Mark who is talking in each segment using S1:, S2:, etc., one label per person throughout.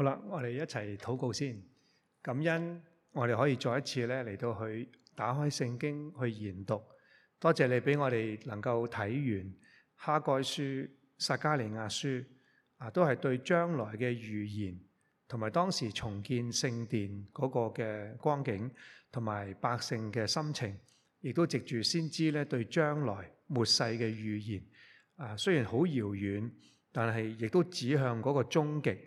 S1: 好啦，我哋一齊禱告先，感恩我哋可以再一次咧嚟到去打開聖經去研讀，多謝你俾我哋能夠睇完哈蓋書、撒迦利亞書，啊，都係對將來嘅預言，同埋當時重建聖殿嗰個嘅光景，同埋百姓嘅心情，亦都藉住先知咧對將來末世嘅預言，啊，雖然好遙遠，但係亦都指向嗰個終極。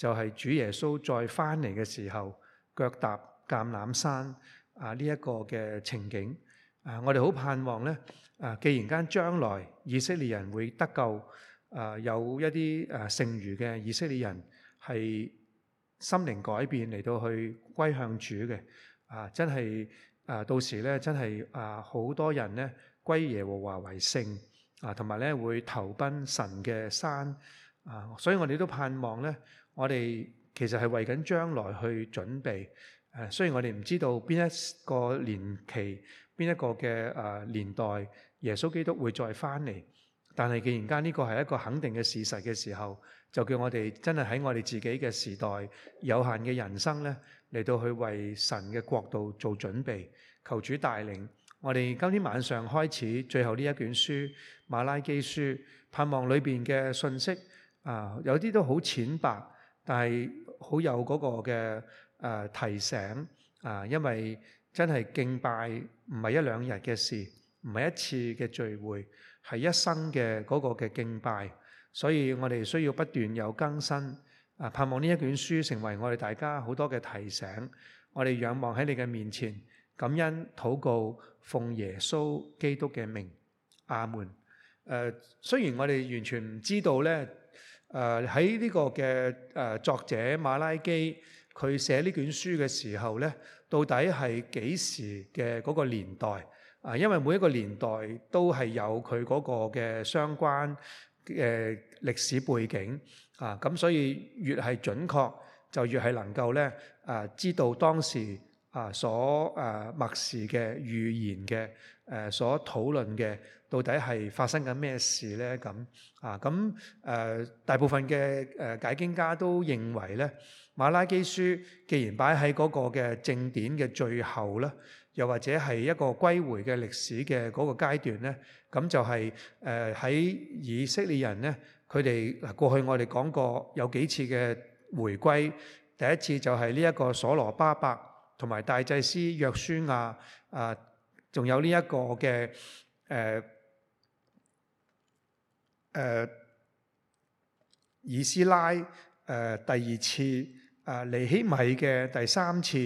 S1: 就係主耶穌再翻嚟嘅時候，腳踏橄欖山啊呢一個嘅情景啊，我哋好盼望咧啊，既然間將來以色列人會得救啊，有一啲啊剩餘嘅以色列人係心靈改變嚟到去歸向主嘅啊，真係啊到時咧真係啊好多人咧歸耶和華為聖啊，同埋咧會投奔神嘅山啊，所以我哋都盼望咧。我哋其實係為緊將來去準備，誒雖然我哋唔知道邊一個年期、邊一個嘅誒年代，耶穌基督會再翻嚟，但係既然間呢個係一個肯定嘅事實嘅時候，就叫我哋真係喺我哋自己嘅時代、有限嘅人生呢嚟到去為神嘅國度做準備，求主帶領我哋。今天晚上開始，最後呢一卷書《瑪拉基書》，盼望裏邊嘅信息啊，有啲都好淺白。但係好有嗰個嘅誒提醒啊，因為真係敬拜唔係一兩日嘅事，唔係一次嘅聚會，係一生嘅嗰個嘅敬拜，所以我哋需要不斷有更新啊！盼望呢一卷書成為我哋大家好多嘅提醒，我哋仰望喺你嘅面前，感恩、禱告、奉耶穌基督嘅名，阿門。誒、呃，雖然我哋完全唔知道呢。誒喺呢個嘅誒作者瑪拉基，佢寫呢卷書嘅時候呢，到底係幾時嘅嗰個年代？啊，因為每一個年代都係有佢嗰個嘅相關嘅歷史背景啊，咁所以越係準確，就越係能夠呢誒知道當時。啊，所誒默示嘅預言嘅誒所討論嘅，到底係發生緊咩事呢？咁啊，咁誒、呃、大部分嘅誒解經家都認為呢，瑪拉基書既然擺喺嗰個嘅正典嘅最後咧，又或者係一個歸回嘅歷史嘅嗰個階段呢，咁就係誒喺以色列人呢。佢哋嗱過去我哋講過有幾次嘅回歸，第一次就係呢一個所羅巴伯。同埋大祭司約書亞，啊，仲有呢一個嘅，誒、啊，誒、啊，以斯拉，誒、啊、第二次，誒、啊、尼希米嘅第三次，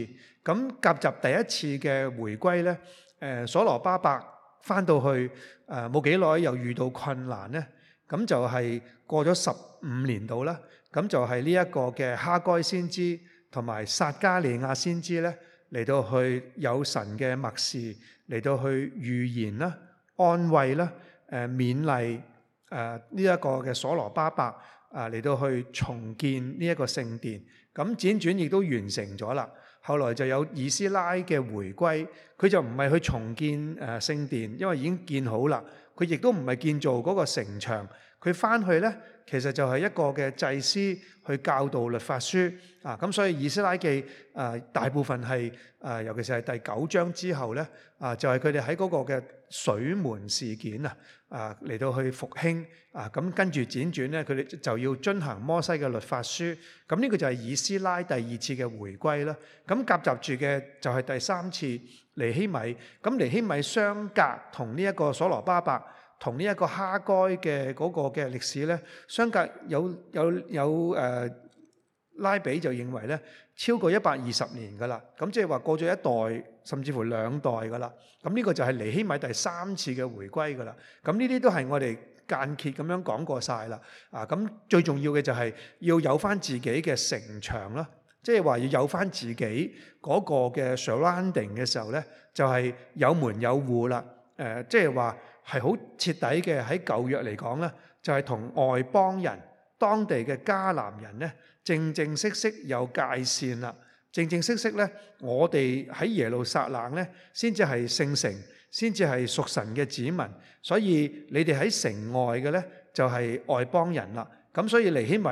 S1: 咁、啊、夾集第一次嘅回歸咧，誒、啊、所羅巴伯翻到去，誒冇幾耐又遇到困難咧，咁就係過咗十五年度啦，咁就係呢一個嘅哈該先知。同埋撒迦利亞先知咧，嚟到去有神嘅默示，嚟到去預言啦、安慰啦、誒、呃、勉勵誒呢一個嘅所羅巴伯啊，嚟、呃、到去重建呢一個聖殿。咁輾轉亦都完成咗啦。後來就有以斯拉嘅回歸，佢就唔係去重建誒聖殿，因為已經建好啦。佢亦都唔係建造嗰個城牆，佢翻去咧。其實就係一個嘅祭司去教導律法書啊，咁所以以斯拉記誒大部分係誒，尤其是係第九章之後咧啊，就係佢哋喺嗰個嘅水門事件啊啊嚟到去復興啊，咁跟住輾轉咧，佢哋就要遵行摩西嘅律法書，咁呢個就係以斯拉第二次嘅回歸啦。咁夾雜住嘅就係第三次尼希米，咁尼希米相隔同呢一個所羅巴伯。同呢一個哈該嘅嗰個嘅歷史咧，相隔有有有誒，拉比就認為咧，超過一百二十年噶啦，咁即係話過咗一代甚至乎兩代噶啦，咁、這、呢個就係尼希米第三次嘅回歸噶啦。咁呢啲都係我哋間歇咁樣講過晒啦。啊，咁最重要嘅就係要有返自己嘅城牆啦，即係話要有返自己嗰個嘅 surrounding 嘅時候咧，就係、是、有門有戶啦。誒，即係話。係好徹底嘅喺舊約嚟講咧，就係同外邦人、當地嘅迦南人咧，正正式式有界線啦。正正式式咧，我哋喺耶路撒冷咧，先至係聖城，先至係屬神嘅子民。所以你哋喺城外嘅咧，就係外邦人啦。咁所以尼希米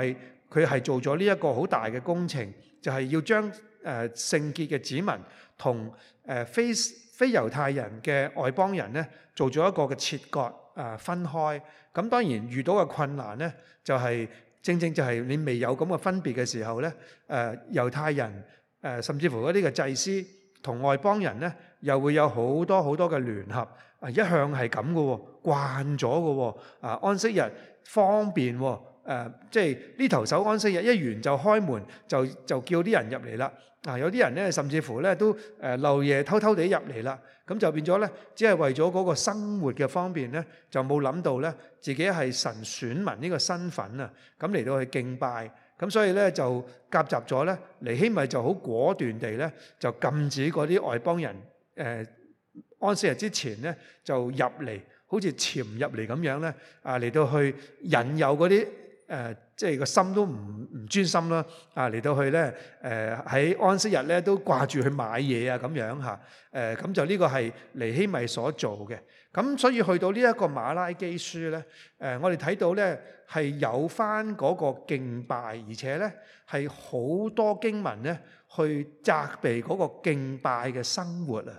S1: 佢係做咗呢一個好大嘅工程，就係要將誒聖潔嘅子民同誒非。非猶太人嘅外邦人呢，做咗一個嘅切割啊，分開。咁當然遇到嘅困難呢，就係正正就係你未有咁嘅分別嘅時候呢，誒猶太人誒甚至乎嗰啲嘅祭司同外邦人呢，又會有好多好多嘅聯合啊，一向係咁嘅喎，慣咗嘅喎啊，安息日方便誒，即係呢頭守安息日一完就開門就就叫啲人入嚟啦。啊！有啲人咧，甚至乎咧都誒漏夜偷偷地入嚟啦，咁就變咗咧，只係為咗嗰個生活嘅方便咧，就冇諗到咧，自己係神選民呢個身份啊！咁嚟到去敬拜，咁所以咧就夾雜咗咧。尼希米就好果斷地咧就禁止嗰啲外邦人誒安息日之前咧就入嚟，好似潛入嚟咁樣咧啊嚟到去引誘嗰啲。誒，即係個心都唔唔專心啦！啊，嚟到去咧，誒喺安息日咧都掛住去買嘢啊，咁樣吓。誒，咁就呢個係尼希米所做嘅。咁所以去到呢一個瑪拉基書咧，誒，我哋睇到咧係有返嗰個敬拜，而且咧係好多經文咧去責備嗰個敬拜嘅生活啊！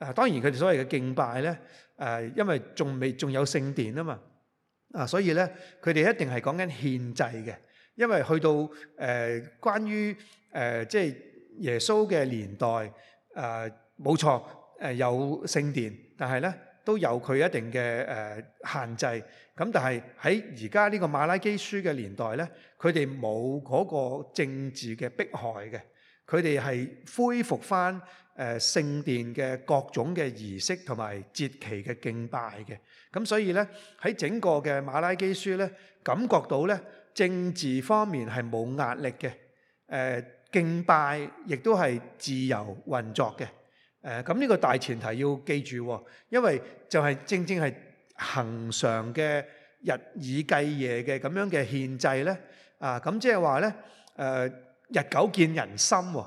S1: 啊，當然佢哋所謂嘅敬拜咧，誒，因為仲未仲有聖殿啊嘛。啊，所以咧，佢哋一定係講緊憲制嘅，因為去到誒、呃、關於誒、呃、即係耶穌嘅年代，誒冇錯誒有聖殿，但係咧都有佢一定嘅誒、呃、限制。咁但係喺而家呢個馬拉基書嘅年代咧，佢哋冇嗰個政治嘅迫害嘅，佢哋係恢復返，誒聖殿嘅各種嘅儀式同埋節期嘅敬拜嘅，咁所以咧喺整個嘅馬拉基書咧，感覺到咧政治方面係冇壓力嘅，誒敬拜亦都係自由運作嘅，誒咁呢個大前提要記住喎，因為就係正正係恒常嘅日以繼夜嘅咁樣嘅憲制咧，啊咁即係話咧誒日久見人心喎。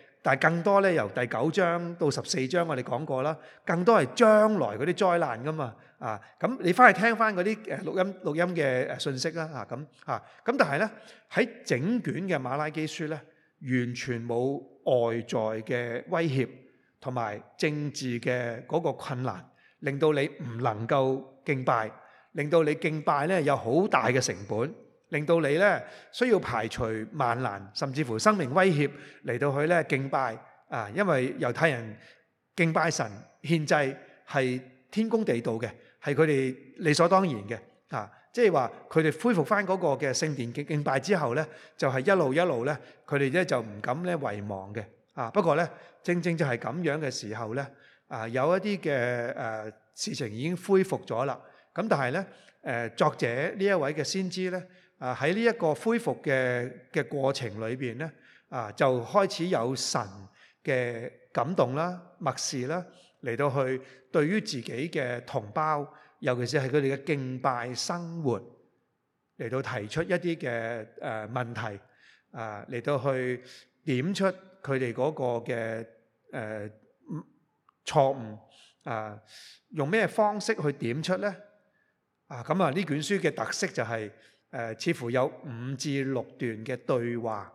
S1: 但係更多咧，由第九章到十四章，我哋講過啦。更多係將來嗰啲災難㗎嘛，啊咁你翻去聽翻嗰啲誒錄音錄音嘅誒信息啦，嚇咁嚇咁。但係咧喺整卷嘅馬拉基書咧，完全冇外在嘅威脅同埋政治嘅嗰個困難，令到你唔能夠敬拜，令到你敬拜咧有好大嘅成本。令到你咧需要排除萬難，甚至乎生命威脅嚟到去咧敬拜啊！因為猶太人敬拜神獻祭係天公地道嘅，係佢哋理所當然嘅啊！即係話佢哋恢復翻嗰個嘅聖殿敬敬拜之後咧，就係一路一路咧，佢哋咧就唔敢咧遺忘嘅啊！不過咧，正正就係咁樣嘅時候咧啊，有一啲嘅誒事情已經恢復咗啦。咁但係咧誒作者呢一位嘅先知咧。啊！喺呢一個恢復嘅嘅過程裏邊呢啊就開始有神嘅感動啦、默示啦，嚟到去對於自己嘅同胞，尤其是係佢哋嘅敬拜生活，嚟到提出一啲嘅誒問題，啊嚟到去點出佢哋嗰個嘅誒錯誤，啊用咩方式去點出呢？啊咁啊，呢卷書嘅特色就係、是。誒似乎有五至六段嘅對話，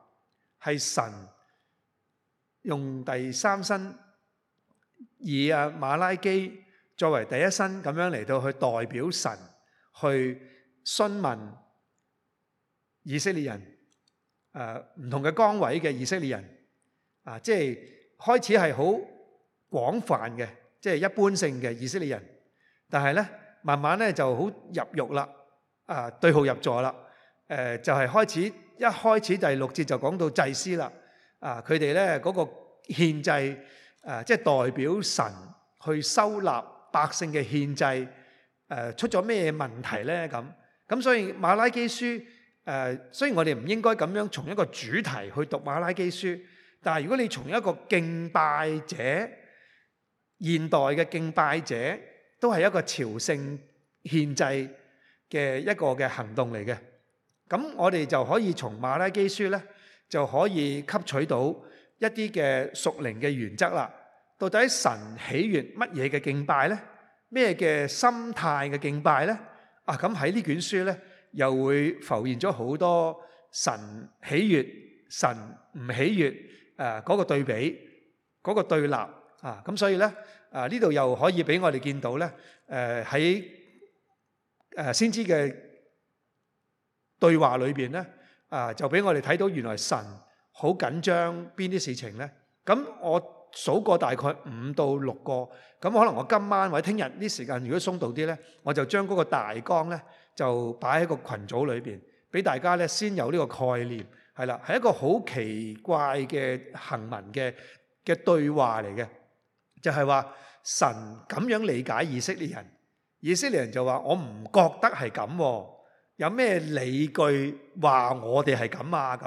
S1: 係神用第三身，以啊馬拉基作為第一身咁樣嚟到去代表神去詢問以色列人，誒唔同嘅崗位嘅以色列人，啊即係開始係好廣泛嘅，即係一般性嘅以色列人，但係呢慢慢呢就好入肉啦。啊、呃，對號入座啦。誒、呃，就係、是、開始，一開始第六節就講到祭司啦。啊、呃，佢哋呢嗰、那個獻祭，即、呃、係、就是、代表神去收納百姓嘅獻祭，呃、出咗咩問題呢？咁咁，所以馬拉基書誒，雖然我哋唔應該咁樣從一個主題去讀馬拉基書，但係如果你從一個敬拜者，現代嘅敬拜者都係一個朝聖獻祭。嘅一個嘅行動嚟嘅，咁我哋就可以從瑪拉基書呢，就可以吸取到一啲嘅屬靈嘅原則啦。到底神喜悅乜嘢嘅敬拜呢？咩嘅心態嘅敬拜呢？啊，咁喺呢卷書呢，又會浮現咗好多神喜悅、神唔喜悅誒嗰個對比、嗰個對立啊。咁所以呢，啊呢度又可以俾我哋見到呢，誒喺。誒，先知嘅對話裏面呢，啊，就俾我哋睇到原來神好緊張邊啲事情呢？咁我數過大概五到六個，咁可能我今晚或者聽日呢時間，如果鬆到啲呢，我就將嗰個大綱呢，就擺喺個群組裏面俾大家呢先有呢個概念。係啦，係一個好奇怪嘅行文嘅嘅對話嚟嘅，就係話神咁樣理解以色列人。以色列人就話：我唔覺得係咁，有咩理據話我哋係咁啊？咁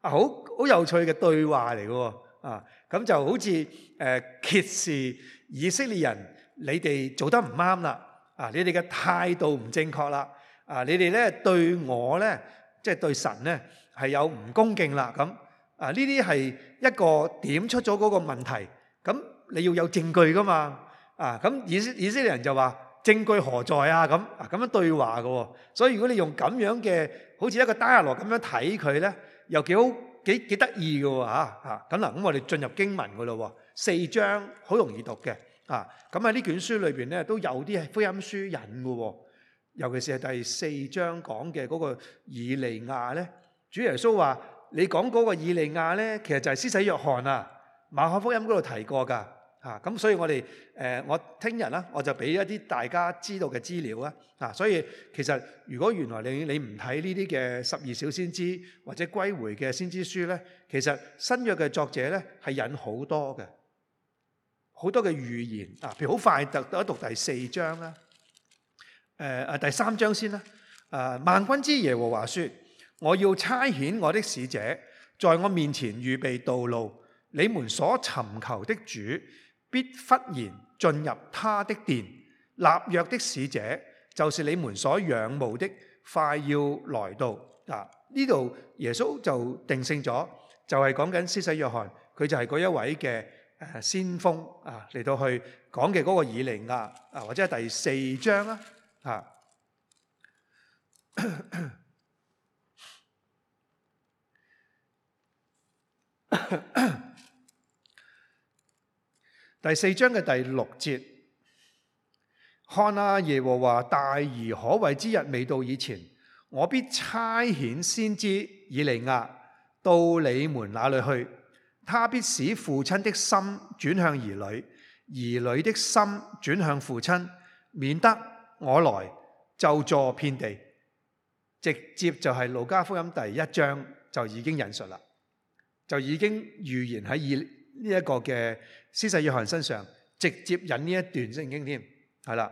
S1: 啊，好好有趣嘅對話嚟嘅，啊，咁就好似誒，揭示以色列人，你哋做得唔啱啦，啊，你哋嘅態度唔正確啦，啊，你哋咧對我咧，即係對神咧係有唔恭敬啦，咁啊呢啲係一個點出咗嗰個問題，咁你要有證據㗎嘛，啊，咁以色列以色列人就話。證據何在啊？咁啊咁樣對話嘅喎、哦，所以如果你用咁樣嘅，好似一個單眼羅咁樣睇佢咧，又幾好，幾幾得意嘅喎嚇嚇咁啦，咁、啊啊、我哋進入經文嘅咯，四章好容易讀嘅啊。咁喺呢卷書裏邊咧，都有啲係福音書引㗎喎，尤其是係第四章講嘅嗰個以利亞咧。主耶穌話：你講嗰個以利亞咧，其實就係施洗約翰啊。馬可福音嗰度提過㗎。啊！咁所以我哋誒、呃，我聽日啦、啊，我就俾一啲大家知道嘅資料啊。啊，所以其實如果原來你你唔睇呢啲嘅十二小先知或者歸回嘅先知書咧，其實新約嘅作者咧係引好多嘅好多嘅預言啊。譬如好快就讀一讀，讀第四章啦。誒、呃、誒，第三章先啦。誒、啊，萬軍之耶和華説：我要差遣我的使者在我面前預備道路，你們所尋求的主，必忽然進入他的殿，立約的使者就是你們所仰慕的，快要來到。啊！呢度耶穌就定性咗，就係講緊施洗約翰，佢就係嗰一位嘅誒先鋒啊，嚟到去講嘅嗰個以利亞啊，或者係第四章啦，吓。第四章嘅第六節，看啊！耶和華大而可畏之日未到以前，我必差遣先知以利亞到你們那裏去。他必使父親的心轉向兒女，兒女的心轉向父親，免得我來咒詛遍地。直接就係、是《路加福音》第一章，就已經引述啦，就已經預言喺呢一個嘅，施洗約翰身上直接引呢一段聖經添，係啦，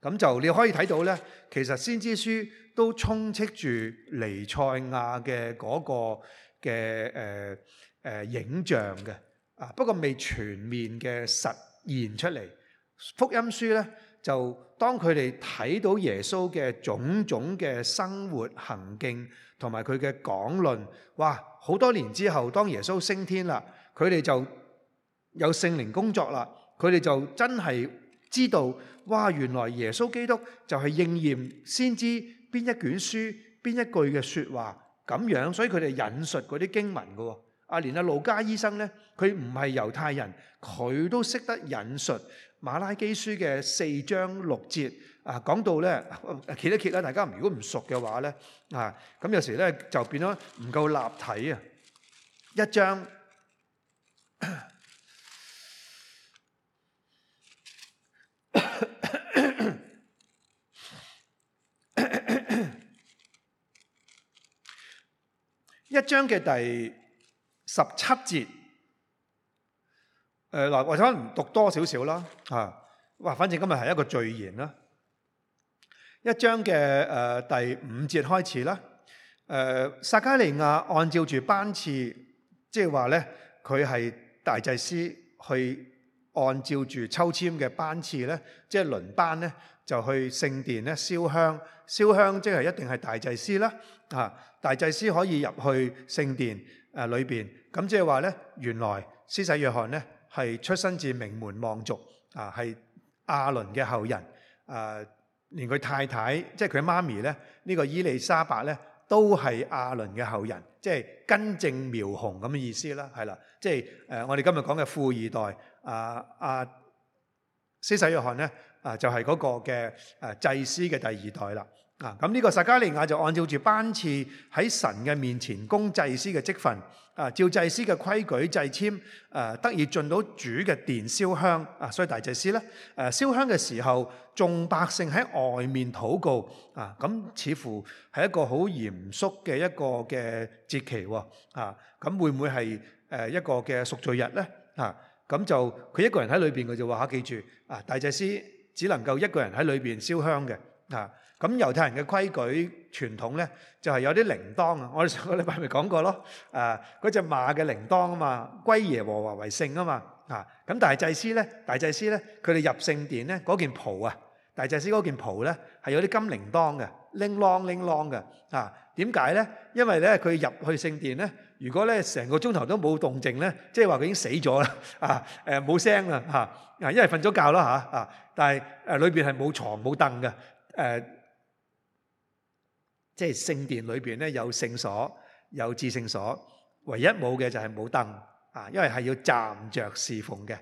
S1: 咁就你可以睇到呢，其實先知書都充斥住彌賽亞嘅嗰個嘅誒誒影像嘅，啊，不過未全面嘅實現出嚟。福音書呢，就當佢哋睇到耶穌嘅種種嘅生活行徑同埋佢嘅講論，哇！好多年之後，當耶穌升天啦，佢哋就。有聖靈工作啦，佢哋就真係知道，哇！原來耶穌基督就係應驗，先知邊一卷書邊一句嘅說話咁樣，所以佢哋引述嗰啲經文噶。啊，連阿路加醫生咧，佢唔係猶太人，佢都識得引述馬拉基書嘅四章六節啊，講到咧，揭一揭啦，大家如果唔熟嘅話咧啊，咁有時咧就變咗唔夠立體啊，一章。一章嘅第十七節，誒、呃、嗱，我可能讀多少少啦嚇。哇、啊，反正今日係一個序言啦。一章嘅誒、呃、第五節開始啦。誒、呃、撒迦利亞按照住班次，即係話咧，佢係大祭司去。按照住抽籤嘅班次咧，即係輪班咧，就去聖殿咧燒香。燒香即係一定係大祭司啦，啊，大祭司可以入去聖殿誒裏邊。咁即係話咧，原來施洗約翰咧係出身自名門望族，啊，係亞倫嘅後人。誒，連佢太太，即係佢媽咪咧，呢個伊麗莎白咧，都係亞倫嘅後人，即係根正苗紅咁嘅意思啦。係啦，即係誒，我哋今日講嘅富二代。啊啊，施洗約翰咧啊，就係嗰個嘅誒祭司嘅第二代啦。啊，咁呢個撒迦利亞就按照住班次喺神嘅面前供祭司嘅職份，啊，照祭司嘅規矩掣籤，誒、哦，得以進到主嘅殿燒香啊，所以大祭司咧，誒，燒香嘅時候，眾百姓喺外面禱告啊，咁似乎係一個好嚴肅嘅一個嘅節期喎。啊，咁會唔會係誒一個嘅贖罪日咧？啊？啊 ansa, 會咁就佢一個人喺裏邊，佢就話嚇：記住啊，大祭司只能夠一個人喺裏邊燒香嘅。啊，咁猶太人嘅規矩傳統咧，就係有啲鈴鐺啊。我哋上個禮拜咪講過咯。誒，嗰隻馬嘅鈴鐺啊嘛，歸耶和華為聖啊嘛。啊，咁但係大祭司咧，大祭司咧，佢哋入聖殿咧，嗰件袍啊，大祭司嗰件袍咧，係有啲金鈴鐺嘅，鈴啷鈴啷嘅。啊，點解咧？因為咧，佢入去聖殿咧。如果咧，成個鐘頭都冇動靜咧，即係話佢已經死咗啦啊！誒冇聲啦嚇，啊因為瞓咗覺咯嚇啊，但係誒裏邊係冇牀冇凳嘅誒，即係聖殿裏邊咧有聖所，有至聖所，唯一冇嘅就係冇凳啊，因為係要站着侍奉嘅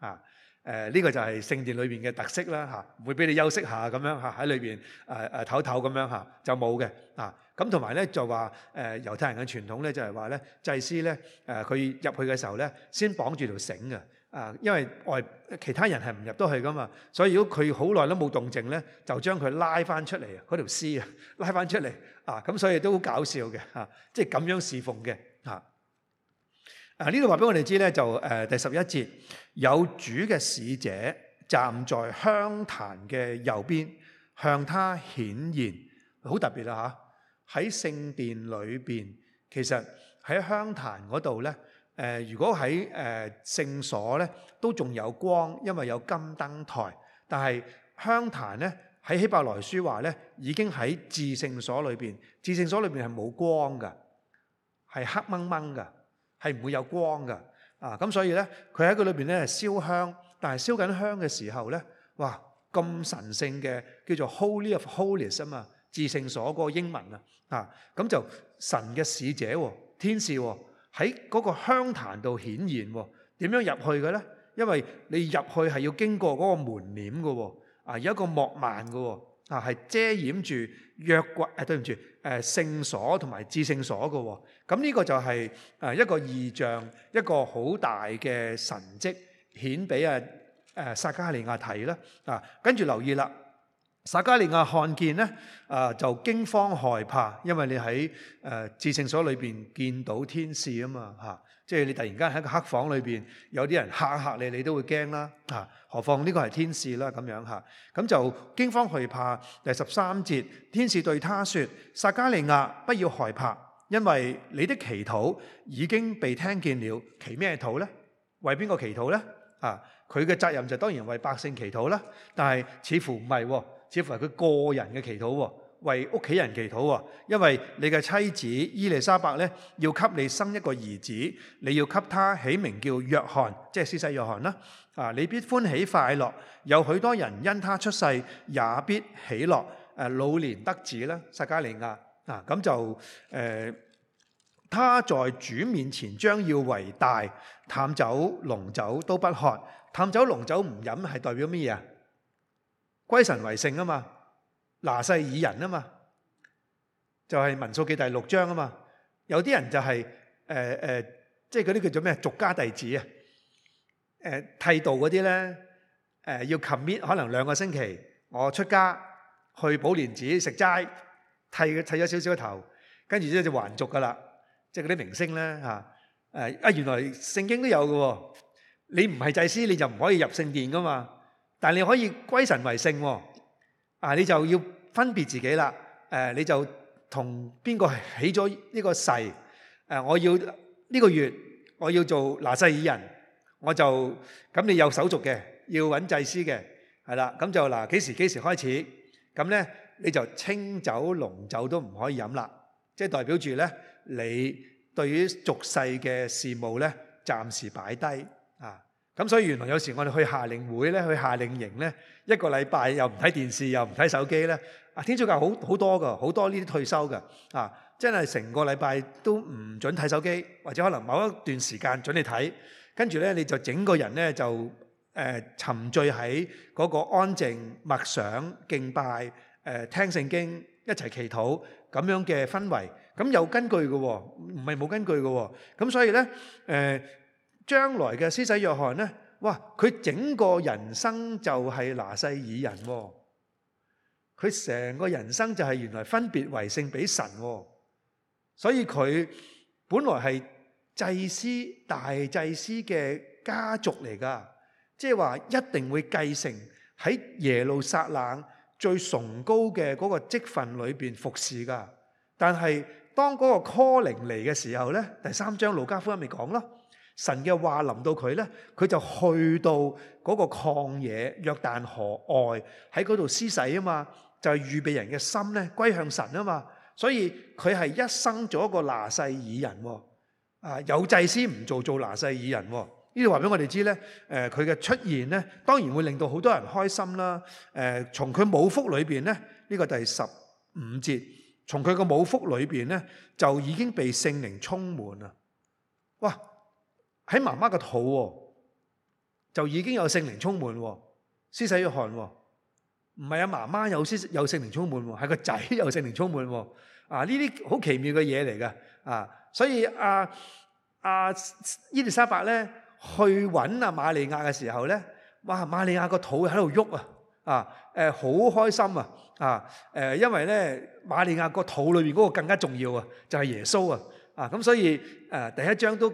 S1: 啊誒，呢個就係聖殿裏邊嘅特色啦嚇，唔會俾你休息下咁樣嚇喺裏邊誒誒唞唞咁樣嚇就冇嘅啊。咁同埋咧就話誒猶太人嘅傳統咧就係話咧祭司咧誒佢入去嘅時候咧先綁住條繩嘅啊，因為外其他人係唔入得去噶嘛，所以如果佢好耐都冇動靜咧，就將佢拉翻出嚟嗰條屍啊，拉翻出嚟啊，咁所以都好搞笑嘅嚇，即係咁樣侍奉嘅嚇。啊呢度話俾我哋知咧就誒第十一節，有主嘅使者站在香壇嘅右邊，向他顯現，好特別啊嚇！喺聖殿裏邊，其實喺香壇嗰度咧，誒如果喺誒聖所咧，都仲有光，因為有金燈台。但係香壇咧，喺希伯來書話咧，已經喺至聖所裏邊，至聖所裏邊係冇光嘅，係黑掹掹嘅，係唔會有光嘅。啊，咁所以咧，佢喺佢裏邊咧係燒香，但係燒緊香嘅時候咧，哇，咁神聖嘅叫做 Holy of Holies 啊嘛～至聖所嗰個英文啊，啊咁就神嘅使者天使喺嗰個香壇度顯現喎，點樣入去嘅呢？因為你入去係要經過嗰個門簾嘅喎，啊有一個幕幔嘅喎，啊係遮掩住約櫃。誒對唔住，誒聖所同埋至聖所嘅喎，咁呢個就係一個異象，一個好大嘅神蹟，顯俾啊撒加利亞睇啦，啊跟住留意啦。撒加利亞看見咧，啊就驚慌害怕，因為你喺誒至聖所裏邊見到天使啊嘛，吓、啊，即、就、係、是、你突然間喺個黑房裏邊有啲人吓一吓你，你都會驚啦，吓、啊，何況呢個係天使啦，咁樣吓，咁、啊、就驚慌害怕。第十三節，天使對他說：撒加利亞不要害怕，因為你的祈禱已經被聽見了。祈咩禱，禱呢？為邊個祈禱呢？啊，佢嘅責任就當然為百姓祈禱啦，但係似乎唔係、啊。似乎係佢個人嘅祈禱喎，為屋企人祈禱喎，因為你嘅妻子伊麗莎白咧，要給你生一個兒子，你要給他起名叫約翰，即係施洗約翰啦。啊，你必歡喜快樂，有許多人因他出世也必喜樂。誒，老年得子啦，撒迦利亞啊，咁就誒、呃，他在主面前將要為大，淡酒濃酒都不喝，淡酒濃酒唔飲係代表乜嘢啊？歸神為聖啊嘛，拿細耳人啊嘛，就係民數記第六章啊嘛。有啲人就係誒誒，即係嗰啲叫做咩？俗家弟子啊，誒、呃、剃度嗰啲咧，誒、呃、要 commit 可能兩個星期，我出家去寶蓮寺食齋，剃剃咗少少嘅頭，跟住之後就還俗噶啦。即係嗰啲明星咧嚇誒啊，原來聖經都有嘅喎。你唔係祭司你就唔可以入聖殿噶嘛。但你可以歸神為聖喎，啊，你就要分別自己啦。誒，你就同邊個起咗呢個誓？誒，我要呢個月我要做拿細耳人，我就咁你有手續嘅，要揾祭司嘅，係啦。咁就嗱，幾時幾時開始？咁咧你就清酒、濃酒都唔可以飲啦。即係代表住咧，你對於俗世嘅事務咧，暫時擺低。咁所以原來有時我哋去夏令會咧，去夏令營咧，一個禮拜又唔睇電視，又唔睇手機咧。啊，天主教好好多噶，好多呢啲退休噶，啊，真係成個禮拜都唔准睇手機，或者可能某一段時間准你睇，跟住咧你就整個人咧就誒沉醉喺嗰個安靜默想敬拜誒聽聖經一齊祈禱咁樣嘅氛圍，咁有根據嘅喎，唔係冇根據嘅喎。咁所以咧誒。將來嘅施洗約翰呢，哇！佢整個人生就係拿西耳人喎、哦，佢成個人生就係原來分別為聖俾神喎、哦，所以佢本來係祭司大祭司嘅家族嚟噶，即係話一定會繼承喺耶路撒冷最崇高嘅嗰個職分裏面服侍噶。但係當嗰個 calling 嚟嘅時候呢，第三章路加福音咪講咯。神嘅話臨到佢呢，佢就去到嗰個曠野約旦河外，喺嗰度施洗啊嘛，就係、是、預備人嘅心呢歸向神啊嘛，所以佢係一生做一個拿細耳人，啊有祭司唔做做拿細耳人，呢度話俾我哋知呢，誒佢嘅出現呢，當然會令到好多人開心啦，誒從佢母腹裏邊呢，呢、這個第十五節，從佢嘅母腹裏邊呢，就已經被聖靈充滿啦，哇！喺媽媽個肚喎，就已經有聖靈充滿喎，施洗約翰喎，唔係啊媽媽有靈有聖靈充滿喎，係個仔有聖靈充滿喎，啊呢啲好奇妙嘅嘢嚟㗎，啊所以阿阿伊麗莎白咧去揾啊瑪利亞嘅時候咧，哇瑪利亞個肚喺度喐啊，啊好、啊啊啊、開心啊，啊因為咧瑪利亞個肚裏邊嗰個更加重要啊，就係、是、耶穌啊，啊咁所以、啊、第一章都。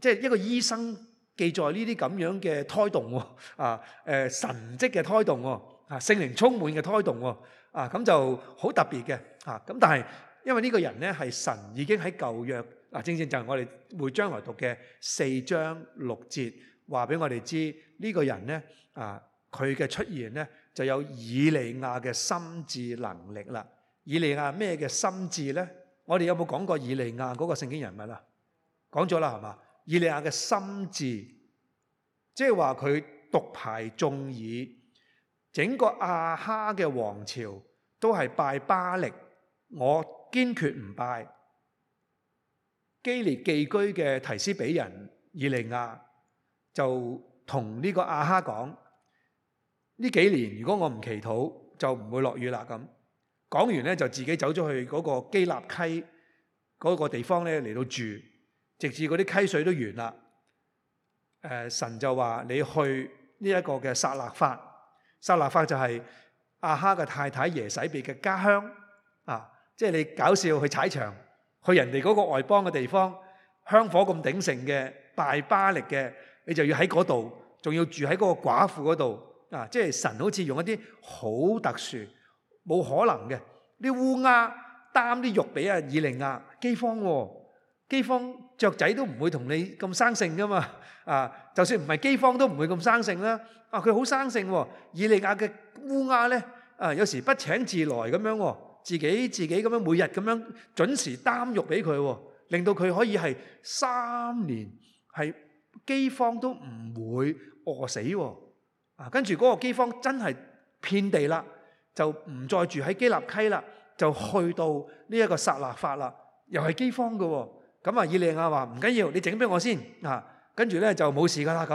S1: 即係一個醫生記載呢啲咁樣嘅胎動啊，誒、呃、神蹟嘅胎動喎、啊，聖靈充滿嘅胎動喎、啊，啊咁就好特別嘅，啊咁但係因為呢個人呢係神已經喺舊約，啊正正就係我哋會將來讀嘅四章六節話俾我哋知呢、呢個人呢，啊佢嘅出現呢就有以利亞嘅心智能力啦，以利亞咩嘅心智呢？我哋有冇講過以利亞嗰個聖經人物啊？講咗啦，係嘛？以利亞嘅心志，即係話佢獨排眾議，整個亞哈嘅王朝都係拜巴力，我堅決唔拜。基列寄居嘅提斯比人以利亞就同呢個亞哈講：呢幾年如果我唔祈禱，就唔會落雨啦。咁講完咧，就自己走咗去嗰個基納溪嗰個地方咧嚟到住。直至嗰啲溪水都完啦，誒、呃、神就話你去呢一個嘅撒勒法，撒勒法就係亞哈嘅太太耶洗別嘅家鄉啊，即係你搞笑去踩場，去人哋嗰個外邦嘅地方，香火咁鼎盛嘅大巴力嘅，你就要喺嗰度，仲要住喺嗰個寡婦嗰度啊！即係神好似用一啲好特殊、冇可能嘅，啲烏鴉擔啲肉俾阿以利亞饑荒喎、啊，饑荒、啊。雀仔都唔會同你咁生性噶嘛啊！就算唔係饑荒都唔會咁生性啦。啊，佢好生性喎、啊。以利亞嘅烏鴉咧啊，有時不請自來咁樣喎，自己自己咁樣每日咁樣準時擔肉俾佢喎，令到佢可以係三年係饑荒都唔會餓死喎。啊，跟住嗰個饑荒真係遍地啦，就唔再住喺基立溪啦，就去到呢一個撒勒法啦，又係饑荒嘅喎。咁啊，以利亞話唔緊要，你整俾我先啊，跟住咧就冇事噶啦咁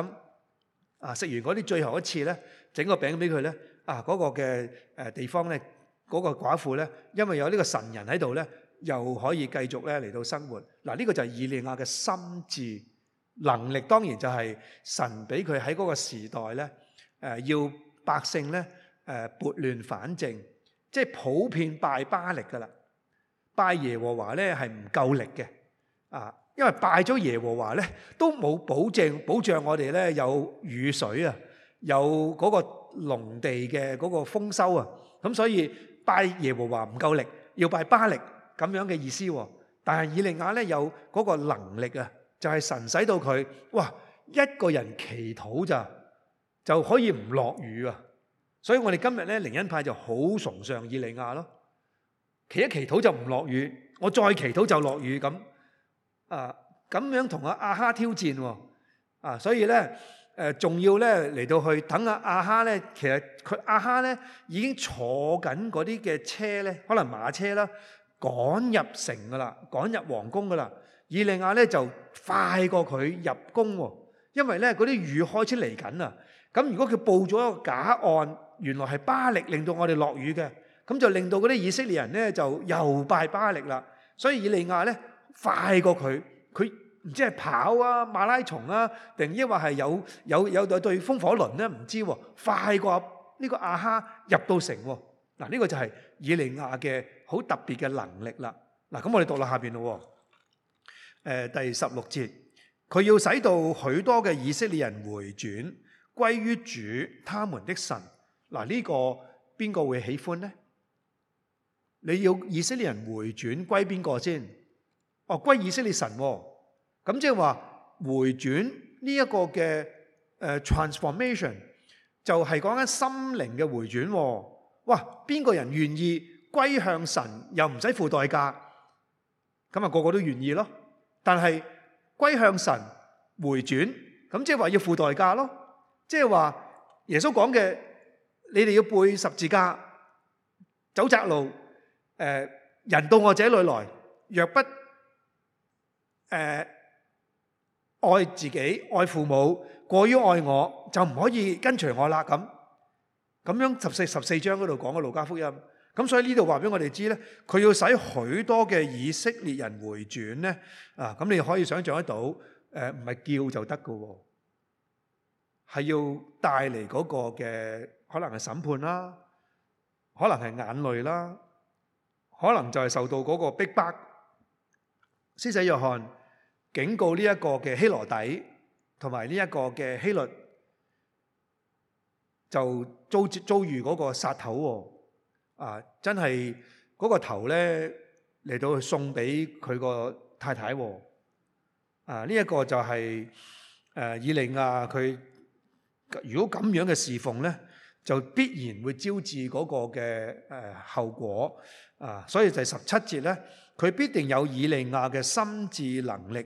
S1: 啊，食完嗰啲最後一次咧，整個餅俾佢咧啊，嗰個嘅誒地方咧，嗰個寡婦咧，因為有呢個神人喺度咧，又可以繼續咧嚟到生活嗱，呢個就係以利亞嘅心志能力，當然就係神俾佢喺嗰個時代咧誒，要百姓咧誒撥亂反正，即係普遍拜巴力噶啦，拜耶和華咧係唔夠力嘅。啊，因為拜咗耶和華咧，都冇保證保障我哋咧有雨水啊，有嗰個農地嘅嗰個豐收啊，咁所以拜耶和華唔夠力，要拜巴力咁樣嘅意思，啊。但係以利亞咧有嗰個能力啊，就係、是、神使到佢，哇，一個人祈禱咋就可以唔落雨啊！所以我哋今日咧靈恩派就好崇尚以利亞咯，祈一祈禱就唔落雨，我再祈禱就落雨咁。啊，咁樣同阿阿哈挑戰喎、啊，啊，所以咧，誒、呃、仲要咧嚟到去等阿、啊、阿哈咧，其實佢阿哈咧已經坐緊嗰啲嘅車咧，可能馬車啦，趕入城噶啦，趕入皇宮噶啦。以利亞咧就快過佢入宮喎，因為咧嗰啲雨開始嚟緊啦。咁如果佢報咗一個假案，原來係巴力令到我哋落雨嘅，咁就令到嗰啲以色列人咧就又拜巴力啦。所以以利亞咧，快過佢，佢唔知係跑啊馬拉松啊，定抑或係有有有對風火輪咧？唔知喎、啊，快過呢個亞哈入到城、啊。嗱，呢個就係以利亞嘅好特別嘅能力啦。嗱，咁我哋讀落下邊咯。誒，第十六節，佢要使到許多嘅以色列人回轉歸於主他們的神。嗱，呢個邊個會喜歡呢？你要以色列人回轉歸邊個先？哦，歸以色列神、哦，咁即係話回轉呢一個嘅誒 transformation，就係講緊心靈嘅回轉、哦。哇，邊個人願意歸向神，又唔使付代價，咁啊個個都願意咯。但係歸向神回轉，咁即係話要付代價咯。即係話耶穌講嘅，你哋要背十字架，走窄路，誒、呃、人到我這裏來，若不誒愛自己、愛父母，過於愛我，就唔可以跟隨我啦。咁咁樣十四十四章嗰度講嘅路加福音，咁所以呢度話俾我哋知咧，佢要使許多嘅以色列人回轉咧。啊，咁你可以想象得到，誒唔係叫就得㗎喎，係要帶嚟嗰個嘅可能係審判啦，可能係眼淚啦，可能就係受到嗰個逼迫，迫。施洗約翰。警告呢一個嘅希羅底同埋呢一個嘅希律就遭遭遇嗰個殺頭喎啊，啊！真係嗰個頭咧嚟到去送俾佢個太太喎啊！呢、啊、一、這個就係、是、誒、啊、以利亞佢如果咁樣嘅侍奉咧，就必然會招致嗰個嘅誒、啊、後果啊！所以就十七節咧，佢必定有以利亞嘅心志能力。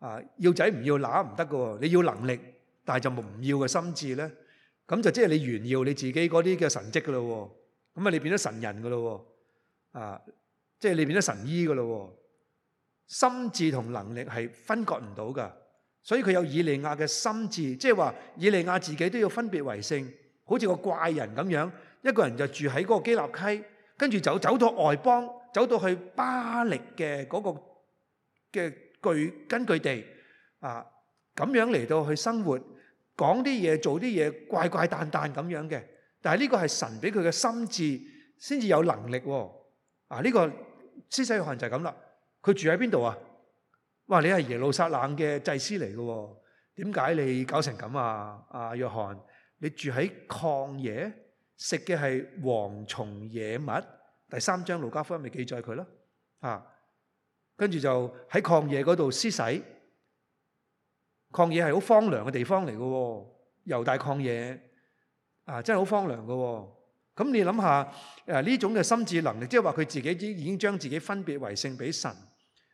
S1: 啊！要仔唔要乸唔得噶喎，你要能力，但係就唔要嘅心智咧。咁就即係你炫耀你自己嗰啲嘅神蹟噶咯喎。咁啊，你變咗神人噶咯喎。啊，即係你變咗神醫噶咯喎。心智同能力係分割唔到噶，所以佢有以利亞嘅心智，即係話以利亞自己都要分別為聖，好似個怪人咁樣，一個人就住喺嗰個基立溪，跟住就走，走到外邦，走到去巴力嘅嗰、嗰個嘅。據根據地啊，咁樣嚟到去生活，講啲嘢做啲嘢，怪怪誕誕咁樣嘅。但係呢個係神俾佢嘅心智，先至有能力喎、哦。啊，呢、這個施洗約翰就係咁啦。佢住喺邊度啊？哇！你係耶路撒冷嘅祭司嚟嘅喎。點解你搞成咁啊？啊，約翰，你住喺曠野，食嘅係蝗蟲野物。第三章路加福音咪記載佢咯？啊！跟住就喺曠野嗰度施洗，曠野係好荒涼嘅地方嚟嘅，猶大曠野啊，真係好荒涼嘅。咁你諗下，誒、啊、呢種嘅心智能力，即係話佢自己已已經將自己分別為聖俾神，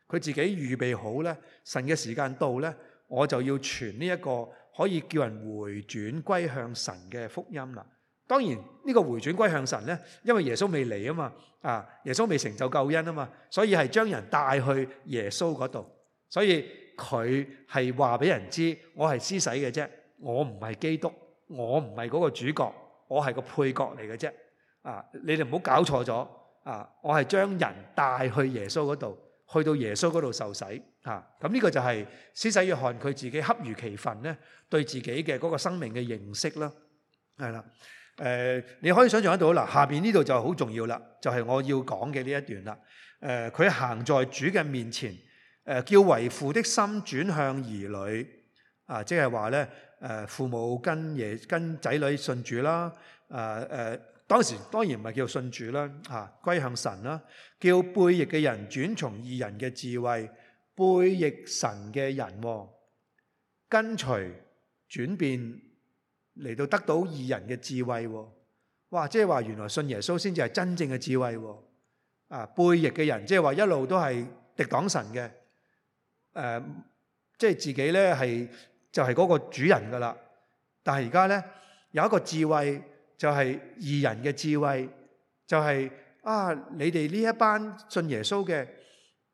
S1: 佢自己預備好咧，神嘅時間到咧，我就要傳呢一個可以叫人回轉歸向神嘅福音啦。當然呢個回轉歸向神呢，因為耶穌未嚟啊嘛，啊耶穌未成就救恩啊嘛，所以係將人帶去耶穌嗰度。所以佢係話俾人知，我係施洗嘅啫，我唔係基督，我唔係嗰個主角，我係個配角嚟嘅啫。啊，你哋唔好搞錯咗。啊，我係將人帶去耶穌嗰度，去到耶穌嗰度受洗。啊，咁呢個就係施洗約翰佢自己恰如其分咧，對自己嘅嗰個生命嘅認識啦。係啦。誒、呃，你可以想象得到啦，下面呢度就好重要啦，就係、是、我要講嘅呢一段啦。誒、呃，佢行在主嘅面前，誒、呃，叫為父的心轉向兒女，啊，即係話呢誒、呃，父母跟爺跟仔女信主啦，誒、啊、誒、呃，當時當然唔係叫信主啦，嚇、啊，歸向神啦、啊，叫背逆嘅人轉從義人嘅智慧，背逆神嘅人，哦、跟隨轉變。嚟到得到二人嘅智慧，哇！即係話原來信耶穌先至係真正嘅智慧，啊，背逆嘅人即係話一路都係敵擋神嘅，誒、啊，即係自己呢，係就係、是、嗰個主人噶啦。但係而家呢，有一個智慧就係、是、二人嘅智慧，就係、是、啊，你哋呢一班信耶穌嘅，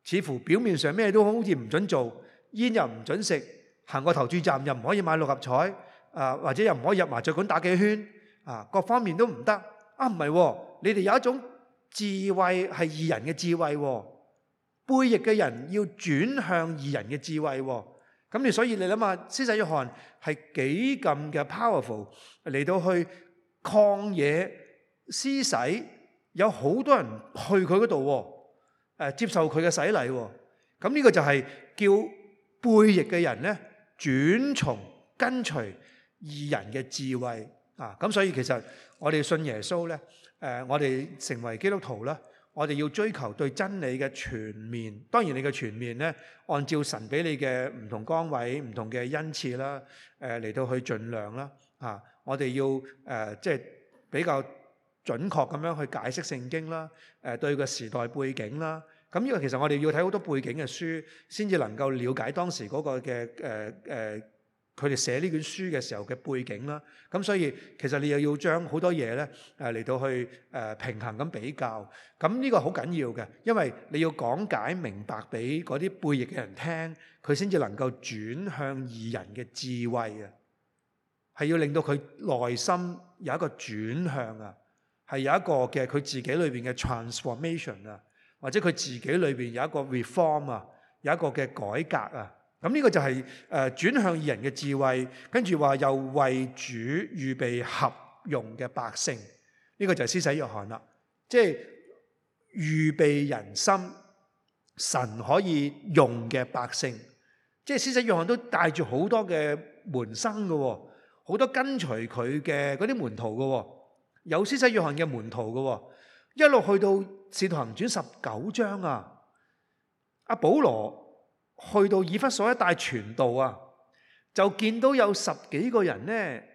S1: 似乎表面上咩都好似唔准做，煙又唔准食，行過投注站又唔可以買六合彩。啊，或者又唔可以入麻雀館打幾圈啊，各方面都唔得。啊，唔係喎，你哋有一種智慧係義人嘅智慧喎、哦，悖逆嘅人要轉向義人嘅智慧喎、哦。咁、嗯、你所以你諗下，施洗約翰係幾咁嘅 powerful 嚟到去曠野施洗，有好多人去佢嗰度喎，接受佢嘅洗禮喎、哦。咁、嗯、呢、這個就係叫悖逆嘅人呢轉從跟隨。二人嘅智慧啊，咁所以其實我哋信耶穌呢，誒、呃，我哋成為基督徒啦，我哋要追求對真理嘅全面。當然你嘅全面呢，按照神俾你嘅唔同崗位、唔同嘅恩賜啦，誒、呃、嚟到去盡量啦啊！我哋要誒即係比較準確咁樣去解釋聖經啦，誒、呃、對個時代背景啦。咁、啊、因為其實我哋要睇好多背景嘅書，先至能夠了解當時嗰個嘅誒誒。呃呃佢哋寫呢卷書嘅時候嘅背景啦，咁所以其實你又要將好多嘢呢誒嚟到去誒平衡咁比較，咁呢個好緊要嘅，因為你要講解明白俾嗰啲背逆嘅人聽，佢先至能夠轉向義人嘅智慧啊，係要令到佢內心有一個轉向啊，係有一個嘅佢自己裏邊嘅 transformation 啊，或者佢自己裏邊有一個 reform 啊，有一個嘅改革啊。咁呢個就係誒轉向義人嘅智慧，跟住話又為主預備合用嘅百姓，呢個就係施洗約翰啦。即係預備人心神可以用嘅百姓。即係施洗約翰都帶住好多嘅門生嘅喎，好多跟隨佢嘅嗰啲門徒嘅喎，有施洗約翰嘅門徒嘅喎，一路去到使徒行傳十九章啊，阿保羅。去到以弗所一帶傳道啊，就見到有十幾個人咧，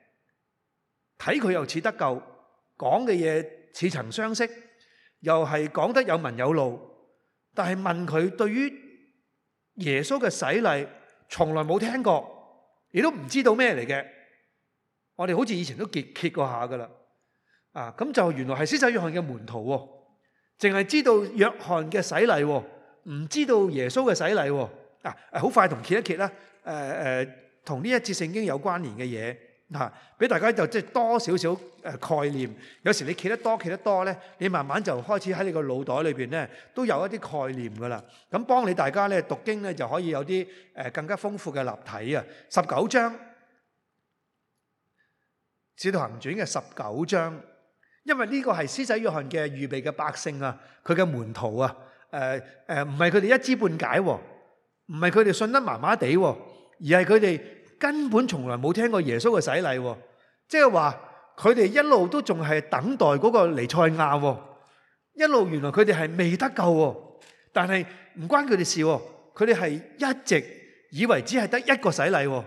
S1: 睇佢又似得救，講嘅嘢似曾相識，又係講得有文有路，但係問佢對於耶穌嘅洗禮，從來冇聽過，亦都唔知道咩嚟嘅。我哋好似以前都結結過下噶啦，啊咁就原來係施洗約翰嘅門徒喎，淨係知道約翰嘅洗禮，唔知道耶穌嘅洗禮喎。啊！好快同揭一揭啦、啊，誒、呃、誒，同呢一節聖經有關連嘅嘢，啊，俾大家就即係多少少誒概念。有時你企得多，企得多咧，你慢慢就開始喺你個腦袋裏邊咧，都有一啲概念噶啦。咁幫你大家咧讀經咧，就可以有啲誒、呃、更加豐富嘅立體啊。十九章《小徒行傳》嘅十九章，因為呢個係司仔約翰嘅預備嘅百姓啊，佢嘅門徒啊，誒、呃、誒，唔係佢哋一知半解喎、啊。唔係佢哋信得麻麻地，而係佢哋根本從來冇聽過耶穌嘅洗禮，即係話佢哋一路都仲係等待嗰個彌賽亞，一路原來佢哋係未得救，但係唔關佢哋事，佢哋係一直以為只係得一個洗禮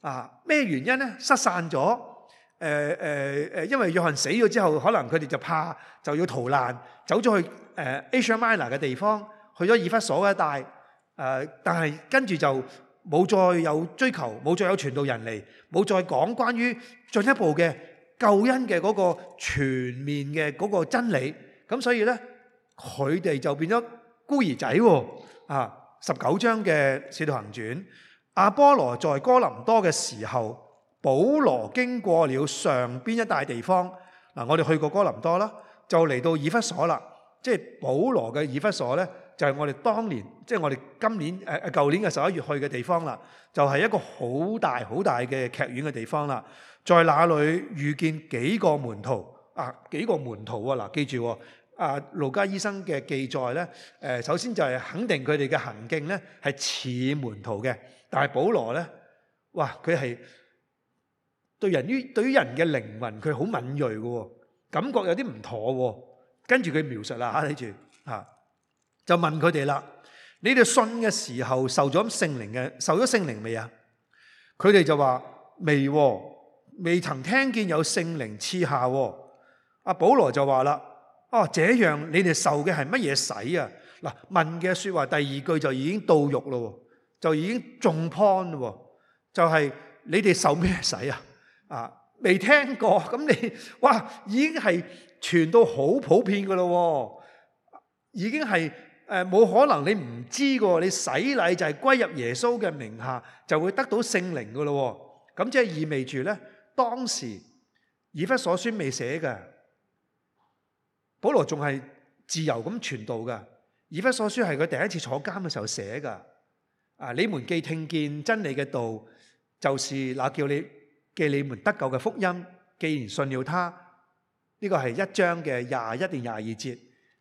S1: 啊！咩原因咧？失散咗，誒誒誒，因為約翰死咗之後，可能佢哋就怕就要逃難，走咗去誒、呃、Asia Minor 嘅地方，去咗以弗所一帶。誒，但係跟住就冇再有追求，冇再有傳道人嚟，冇再講關於進一步嘅救恩嘅嗰個全面嘅嗰個真理。咁所以呢，佢哋就變咗孤兒仔喎。啊，十九章嘅使徒行傳，阿波羅在哥林多嘅時候，保羅經過了上邊一帶地方。嗱、啊，我哋去過哥林多啦，就嚟到以弗所啦。即係保羅嘅以弗所呢。就係我哋當年，即係我哋今年誒誒舊年嘅十一月去嘅地方啦，就係一個好大好大嘅劇院嘅地方啦。在那裏遇見幾個門徒啊，幾個門徒啊，嗱，記住啊，路加醫生嘅記載咧，誒，首先就係肯定佢哋嘅行徑咧係似門徒嘅，但係保羅咧，哇，佢係對人於對於人嘅靈魂佢好敏鋭嘅喎，感覺有啲唔妥喎，跟住佢描述啦嚇，睇住嚇。就問佢哋啦：你哋信嘅時候受咗聖靈嘅，受咗聖靈未啊？佢哋就話：未、哦，未曾聽見有聖靈賜下、哦。阿保羅就話啦：哦，這樣你哋受嘅係乜嘢洗啊？嗱，問嘅説話第二句就已經到肉咯，就已經中 point 咯，就係、是、你哋受咩洗啊？啊，未聽過咁你，哇，已經係傳到好普遍嘅咯、哦，已經係。誒，冇可能你唔知噶，你洗禮就係歸入耶穌嘅名下，就會得到聖靈噶咯。咁即係意味住咧，當時以弗所書未寫嘅，保羅仲係自由咁傳道噶。以弗所書係佢第一次坐監嘅時候寫噶。啊，你們既聽見真理嘅道，就是那叫你嘅你們得救嘅福音，既然信了他，呢、這個係一章嘅廿一至廿二節。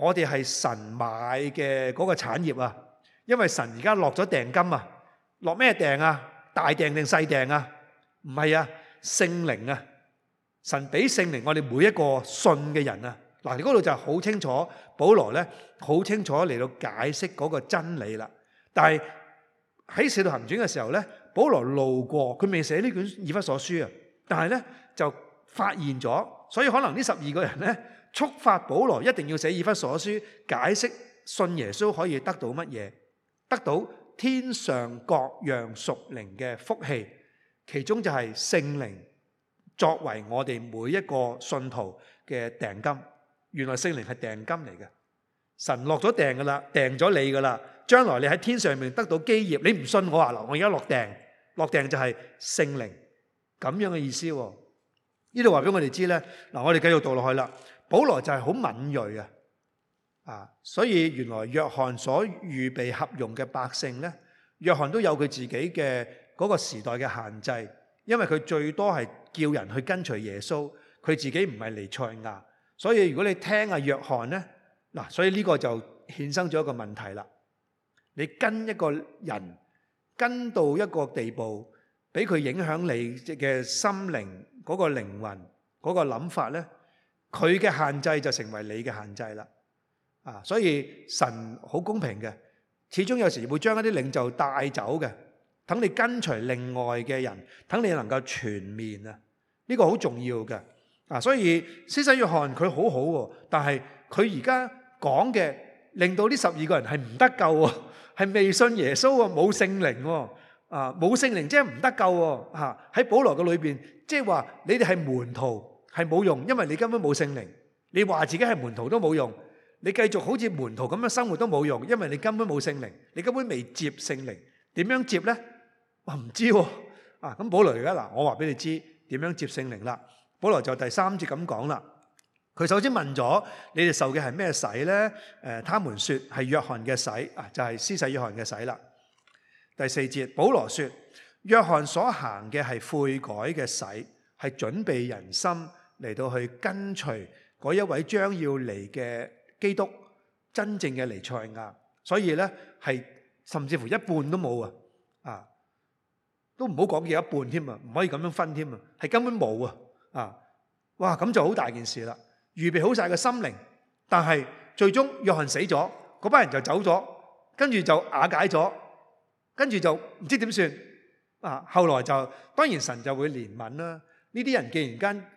S1: 我哋係神買嘅嗰個產業啊，因為神而家落咗訂金啊，落咩訂啊？大訂定細訂啊？唔係啊，聖靈啊！神俾聖靈我哋每一個信嘅人啊，嗱，你嗰度就好清楚。保羅咧，好清楚嚟到解釋嗰個真理啦。但係喺使徒行傳嘅時候咧，保羅路過，佢未寫呢卷以弗所書啊，但係咧就發現咗，所以可能呢十二個人咧。觸發保羅一定要寫以弗所書，解釋信耶穌可以得到乜嘢，得到天上各樣屬靈嘅福氣，其中就係聖靈作為我哋每一個信徒嘅訂金。原來聖靈係訂金嚟嘅，神落咗訂噶啦，訂咗你噶啦，將來你喺天上面得到基業，你唔信我話，嗱，我而家落訂，落訂就係聖靈咁樣嘅意思。呢度話俾我哋知咧，嗱，我哋繼續讀落去啦。保羅就係好敏銳啊，啊，所以原來約翰所預備合用嘅百姓呢，約翰都有佢自己嘅嗰個時代嘅限制，因為佢最多係叫人去跟隨耶穌，佢自己唔係彌賽亞，所以如果你聽阿約翰呢，嗱，所以呢個就衍生咗一個問題啦，你跟一個人跟到一個地步，俾佢影響你嘅心靈嗰個靈魂嗰個諗法呢。佢嘅限制就成為你嘅限制啦，啊！所以神好公平嘅，始終有時會將一啲領袖帶走嘅，等你跟隨另外嘅人，等你能夠全面啊！呢個好重要嘅啊！所以施洗約翰佢好好喎，但係佢而家講嘅令到呢十二個人係唔得救喎，係未信耶穌喎，冇聖靈喎，啊，冇聖靈即係唔得救喎，嚇！喺保羅嘅裏邊即係話你哋係門徒。係冇用，因為你根本冇聖靈，你話自己係門徒都冇用，你繼續好似門徒咁樣生活都冇用，因為你根本冇聖靈，你根本未接聖靈，點樣接呢？我唔知喎。啊，咁保羅而家嗱，我話俾你知點樣接聖靈啦。保羅就第三節咁講啦，佢首先問咗你哋受嘅係咩洗呢？誒，他們說係約翰嘅洗啊，就係施洗約翰嘅洗啦。第四節保羅說，約翰所行嘅係悔改嘅洗，係準備人心。嚟到去跟隨嗰一位將要嚟嘅基督，真正嘅彌賽亞，所以呢，係甚至乎一半都冇啊！啊，都唔好講嘢一半添啊，唔可以咁樣分添啊，係根本冇啊！啊，哇咁就好大件事啦！預備好晒個心靈，但係最終約翰死咗，嗰班人就走咗，跟住就瓦解咗，跟住就唔知點算啊！後來就當然神就會憐憫啦，呢啲人既然跟～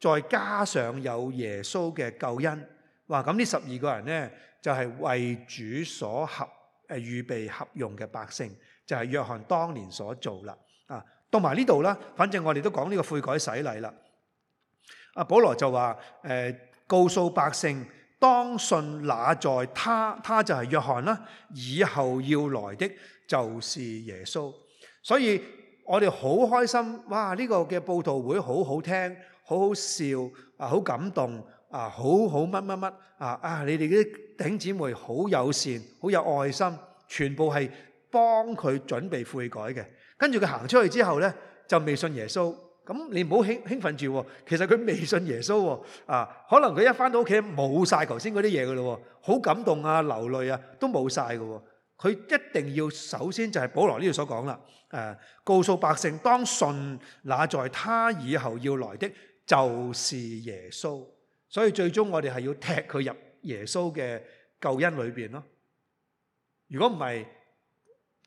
S1: 再加上有耶穌嘅救恩，哇！咁呢十二個人呢，就係、是、為主所合預預備合用嘅百姓，就係、是、約翰當年所做啦。啊，到埋呢度啦，反正我哋都講呢個悔改洗禮啦、啊。阿保羅就話、呃、告訴百姓，當信那在他，他就係約翰啦。以後要來的，就是耶穌。所以我哋好開心，哇！呢、這個嘅佈道會好好聽。好好笑啊！好感動啊！好好乜乜乜啊！啊！你哋啲頂姊妹好友善，好有愛心，全部係幫佢準備悔改嘅。跟住佢行出去之後咧，就未信耶穌。咁你唔好興興奮住，其實佢未信耶穌喎。啊，可能佢一返到屋企冇曬頭先嗰啲嘢嘅咯，好感動啊，流淚啊，都冇曬嘅喎。佢一定要首先就係保羅呢度所講啦。誒，告訴百姓當信那在他以後要來的。就是耶穌，所以最終我哋係要踢佢入耶穌嘅救恩裏邊咯。如果唔係，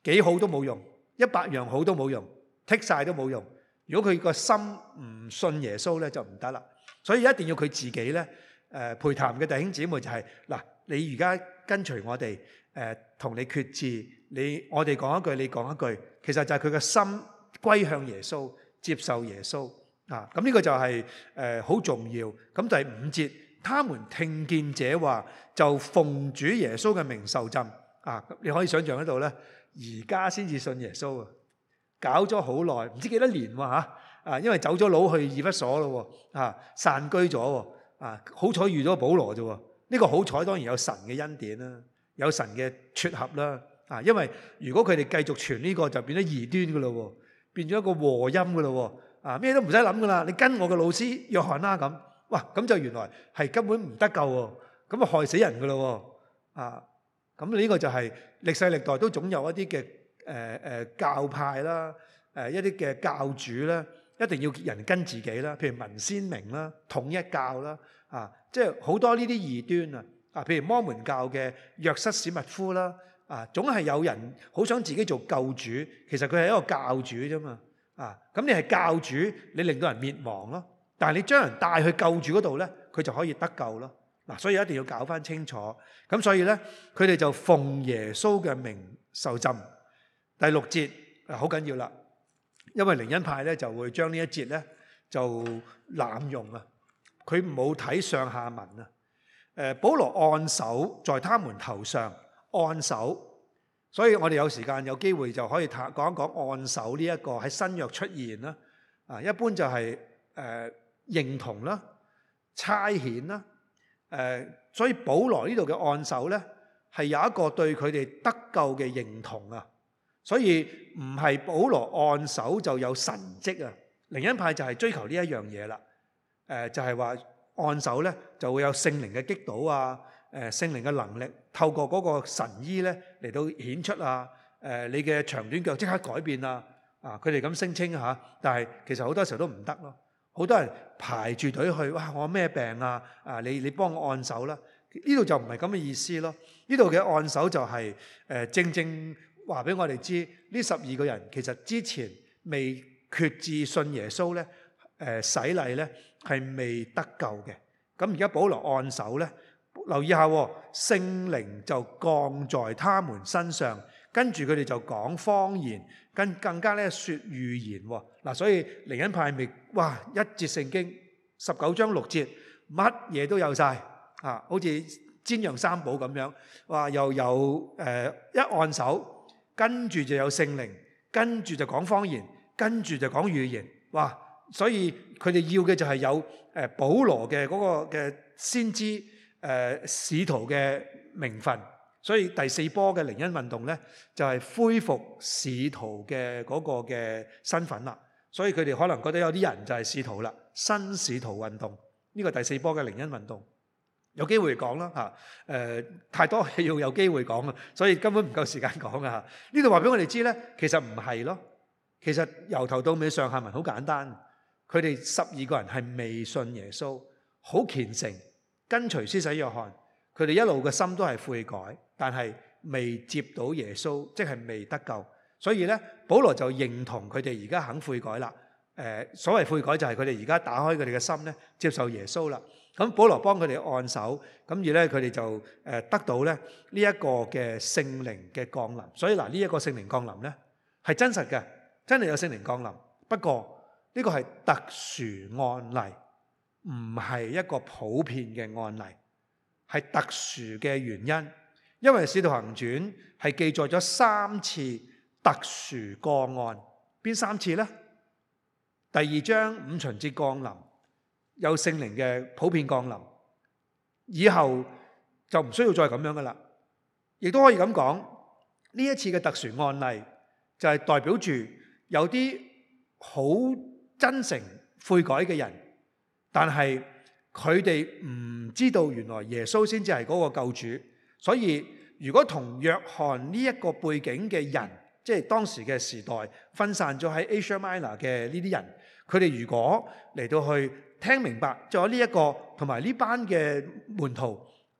S1: 幾好都冇用，一百樣好都冇用，踢晒都冇用。如果佢個心唔信耶穌咧，就唔得啦。所以一定要佢自己咧，誒陪談嘅弟兄姊妹就係嗱，你而家跟隨我哋，誒同你決志，你我哋講一句，你講一句，其實就係佢嘅心歸向耶穌，接受耶穌。啊，咁呢個就係誒好重要，咁第五節，他們聽見這話就奉主耶穌嘅名受浸。啊，你可以想象得到咧，而家先至信耶穌啊，搞咗好耐，唔知幾多年吓，啊，因為走咗佬去以弗所咯，啊，散居咗，啊，這個，好彩遇咗保羅啫，呢個好彩當然有神嘅恩典啦，有神嘅撮合啦，啊，因為如果佢哋繼續傳呢，這個就變咗異端噶咯，變咗一個和音噶咯。啊！咩都唔使諗噶啦，你跟我嘅老師約翰啦、啊、咁。哇！咁就原來係根本唔得救喎，咁啊害死人噶咯喎。啊！咁呢個就係歷世歷代都總有一啲嘅、呃呃、教派啦、啊，一啲嘅教主啦，一定要人跟自己啦，譬如文鮮明啦、統一教啦。啊，即係好多呢啲異端啊！啊，譬如摩門教嘅約瑟史密夫啦，啊，總係有人好想自己做救主，其實佢係一個教主啫嘛。啊！咁你係教主，你令到人滅亡咯。但係你將人帶去救主嗰度咧，佢就可以得救咯。嗱，所以一定要搞翻清楚。咁所以咧，佢哋就奉耶穌嘅名受浸。第六節啊，好緊要啦，因為靈恩派咧就會將呢一節咧就濫用啊。佢冇睇上下文啊。誒，保羅按手在他們頭上按手。所以我哋有時間有機會就可以談講一講按手呢一個喺新約出現啦。啊，一般就係誒認同啦、差遣啦、誒，所以保羅呢度嘅按手呢，係有一個對佢哋得救嘅認同啊。所以唔係保羅按手就有神蹟啊。靈恩派就係追求呢一樣嘢啦。誒，就係話按手呢就會有聖靈嘅擊倒啊。誒，聖靈嘅能力，透過嗰個神醫咧嚟到顯出啊！誒，你嘅長短腳即刻改變啊！啊，佢哋咁聲稱吓，但係其實好多時候都唔得咯。好多人排住隊去，哇！我咩病啊？啊，你你幫我按手啦！呢度就唔係咁嘅意思咯。呢度嘅按手就係誒，正正話俾我哋知，呢十二個人其實之前未決志信耶穌咧，誒，洗禮咧係未得救嘅。咁而家保羅按手咧。留意下，聖靈就降在他們身上，跟住佢哋就講方言，跟更，更加咧説預言。嗱，所以靈恩派咪哇一節聖經十九章六節，乜嘢都有晒啊，好似煎釀三寶咁樣。哇，又有、呃、一按手，跟住就有聖靈，跟住就講方言，跟住就講預言。哇，所以佢哋要嘅就係有誒、呃、保羅嘅嗰個嘅先知。誒使徒嘅名分，所以第四波嘅靈恩運動咧，就係恢復使徒嘅嗰個嘅身份啦。所以佢哋可能覺得有啲人就係使徒啦，新使徒運動呢個第四波嘅靈恩運動，有機會講啦嚇。誒太多係要有機會講啊，所以根本唔夠時間講啊。呢度話俾我哋知咧，其實唔係咯，其實由頭到尾上下文好簡單，佢哋十二個人係未信耶穌，好虔誠。跟隨施洗約翰，佢哋一路嘅心都係悔改，但係未接到耶穌，即係未得救。所以咧，保羅就認同佢哋而家肯悔改啦。誒，所謂悔改就係佢哋而家打開佢哋嘅心咧，接受耶穌啦。咁保羅幫佢哋按手，咁而咧佢哋就誒得到咧呢一個嘅聖靈嘅降臨。所以嗱，呢一個聖靈降臨咧係真實嘅，真係有聖靈降臨。不過呢個係特殊案例。唔係一個普遍嘅案例，係特殊嘅原因。因為《使徒行傳》係記載咗三次特殊個案，邊三次呢？第二章五旬節降臨，有聖靈嘅普遍降臨，以後就唔需要再咁樣噶啦。亦都可以咁講，呢一次嘅特殊案例就係代表住有啲好真誠悔改嘅人。但係佢哋唔知道原來耶穌先至係嗰個救主，所以如果同約翰呢一個背景嘅人，即係當時嘅時代分散咗喺 Asia Minor 嘅呢啲人，佢哋如果嚟到去聽明白咗呢一個同埋呢班嘅門徒。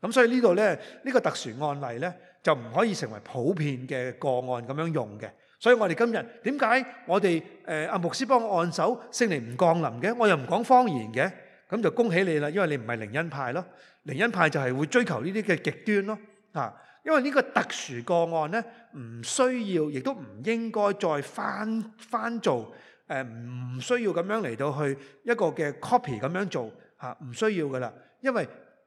S1: 咁所以呢度咧，呢個特殊案例咧，就唔可以成為普遍嘅個案咁樣用嘅。所以我哋今日點解我哋誒阿牧師幫我按手聖靈唔降臨嘅？我又唔講方言嘅，咁就恭喜你啦，因為你唔係靈恩派咯。靈恩派就係會追求呢啲嘅極端咯。嚇，因為呢個特殊個案咧，唔需要，亦都唔應該再翻翻做誒，唔需要咁樣嚟到去一個嘅 copy 咁樣做嚇，唔需要噶啦，因為。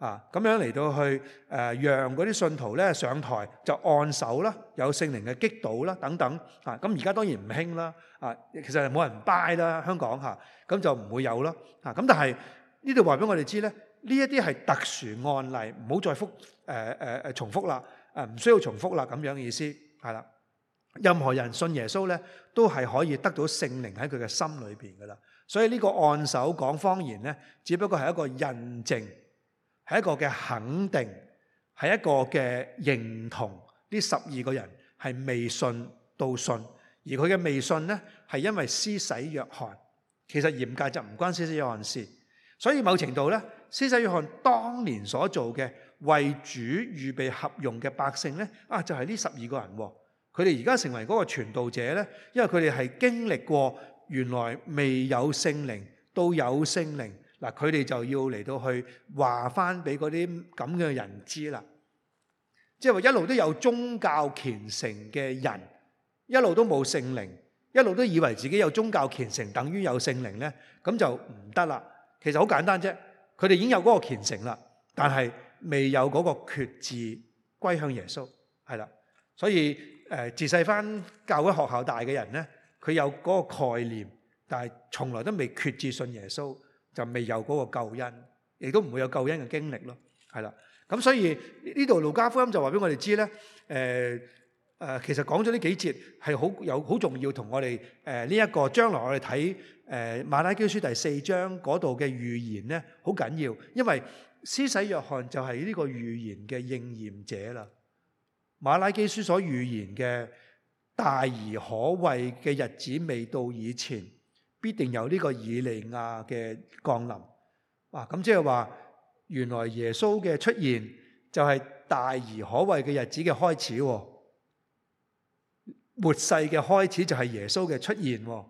S1: 啊，咁樣嚟到去誒，讓嗰啲信徒咧上台就按手啦，有聖靈嘅激動啦，等等。啊，咁而家當然唔興啦。啊，其實係冇人拜啦，香港嚇，咁就唔會有啦。啊，咁但係呢度話俾我哋知咧，呢一啲係特殊案例，唔好再復誒誒誒重複啦。誒，唔需要重複啦，咁樣嘅意思係啦。任何人信耶穌咧，都係可以得到聖靈喺佢嘅心裏邊噶啦。所以呢個按手講方言咧，只不過係一個印證。係一個嘅肯定，係一個嘅認同。呢十二個人係未信到信，而佢嘅未信呢，係因為施洗約翰。其實嚴格就唔關施洗約翰事。所以某程度呢，施洗約翰當年所做嘅為主預備合用嘅百姓呢，啊就係呢十二個人。佢哋而家成為嗰個傳道者呢，因為佢哋係經歷過原來未有聖靈，到有聖靈。嗱，佢哋就要嚟到去話翻俾嗰啲咁嘅人知啦，即係話一路都有宗教虔誠嘅人，一路都冇聖靈，一路都以為自己有宗教虔誠等於有聖靈咧，咁就唔得啦。其實好簡單啫，佢哋已經有嗰個虔誠啦，但係未有嗰個決志歸向耶穌，係啦。所以誒，自細翻教會學校大嘅人咧，佢有嗰個概念，但係從來都未決志信耶穌。就未有嗰個救恩，亦都唔會有救恩嘅經歷咯，係啦。咁所以呢度路加福音就話俾我哋知呢。誒、呃、誒、呃，其實講咗呢幾節係好有好重要們，同我哋誒呢一個將來我哋睇誒瑪拉基書第四章嗰度嘅預言呢，好緊要，因為施洗約翰就係呢個預言嘅應驗者啦。瑪拉基書所預言嘅大而可畏嘅日子未到以前。必定有呢個以利亞嘅降臨，啊咁即係話原來耶穌嘅出現就係大而可畏嘅日子嘅開始喎，末世嘅開始就係耶穌嘅出現喎。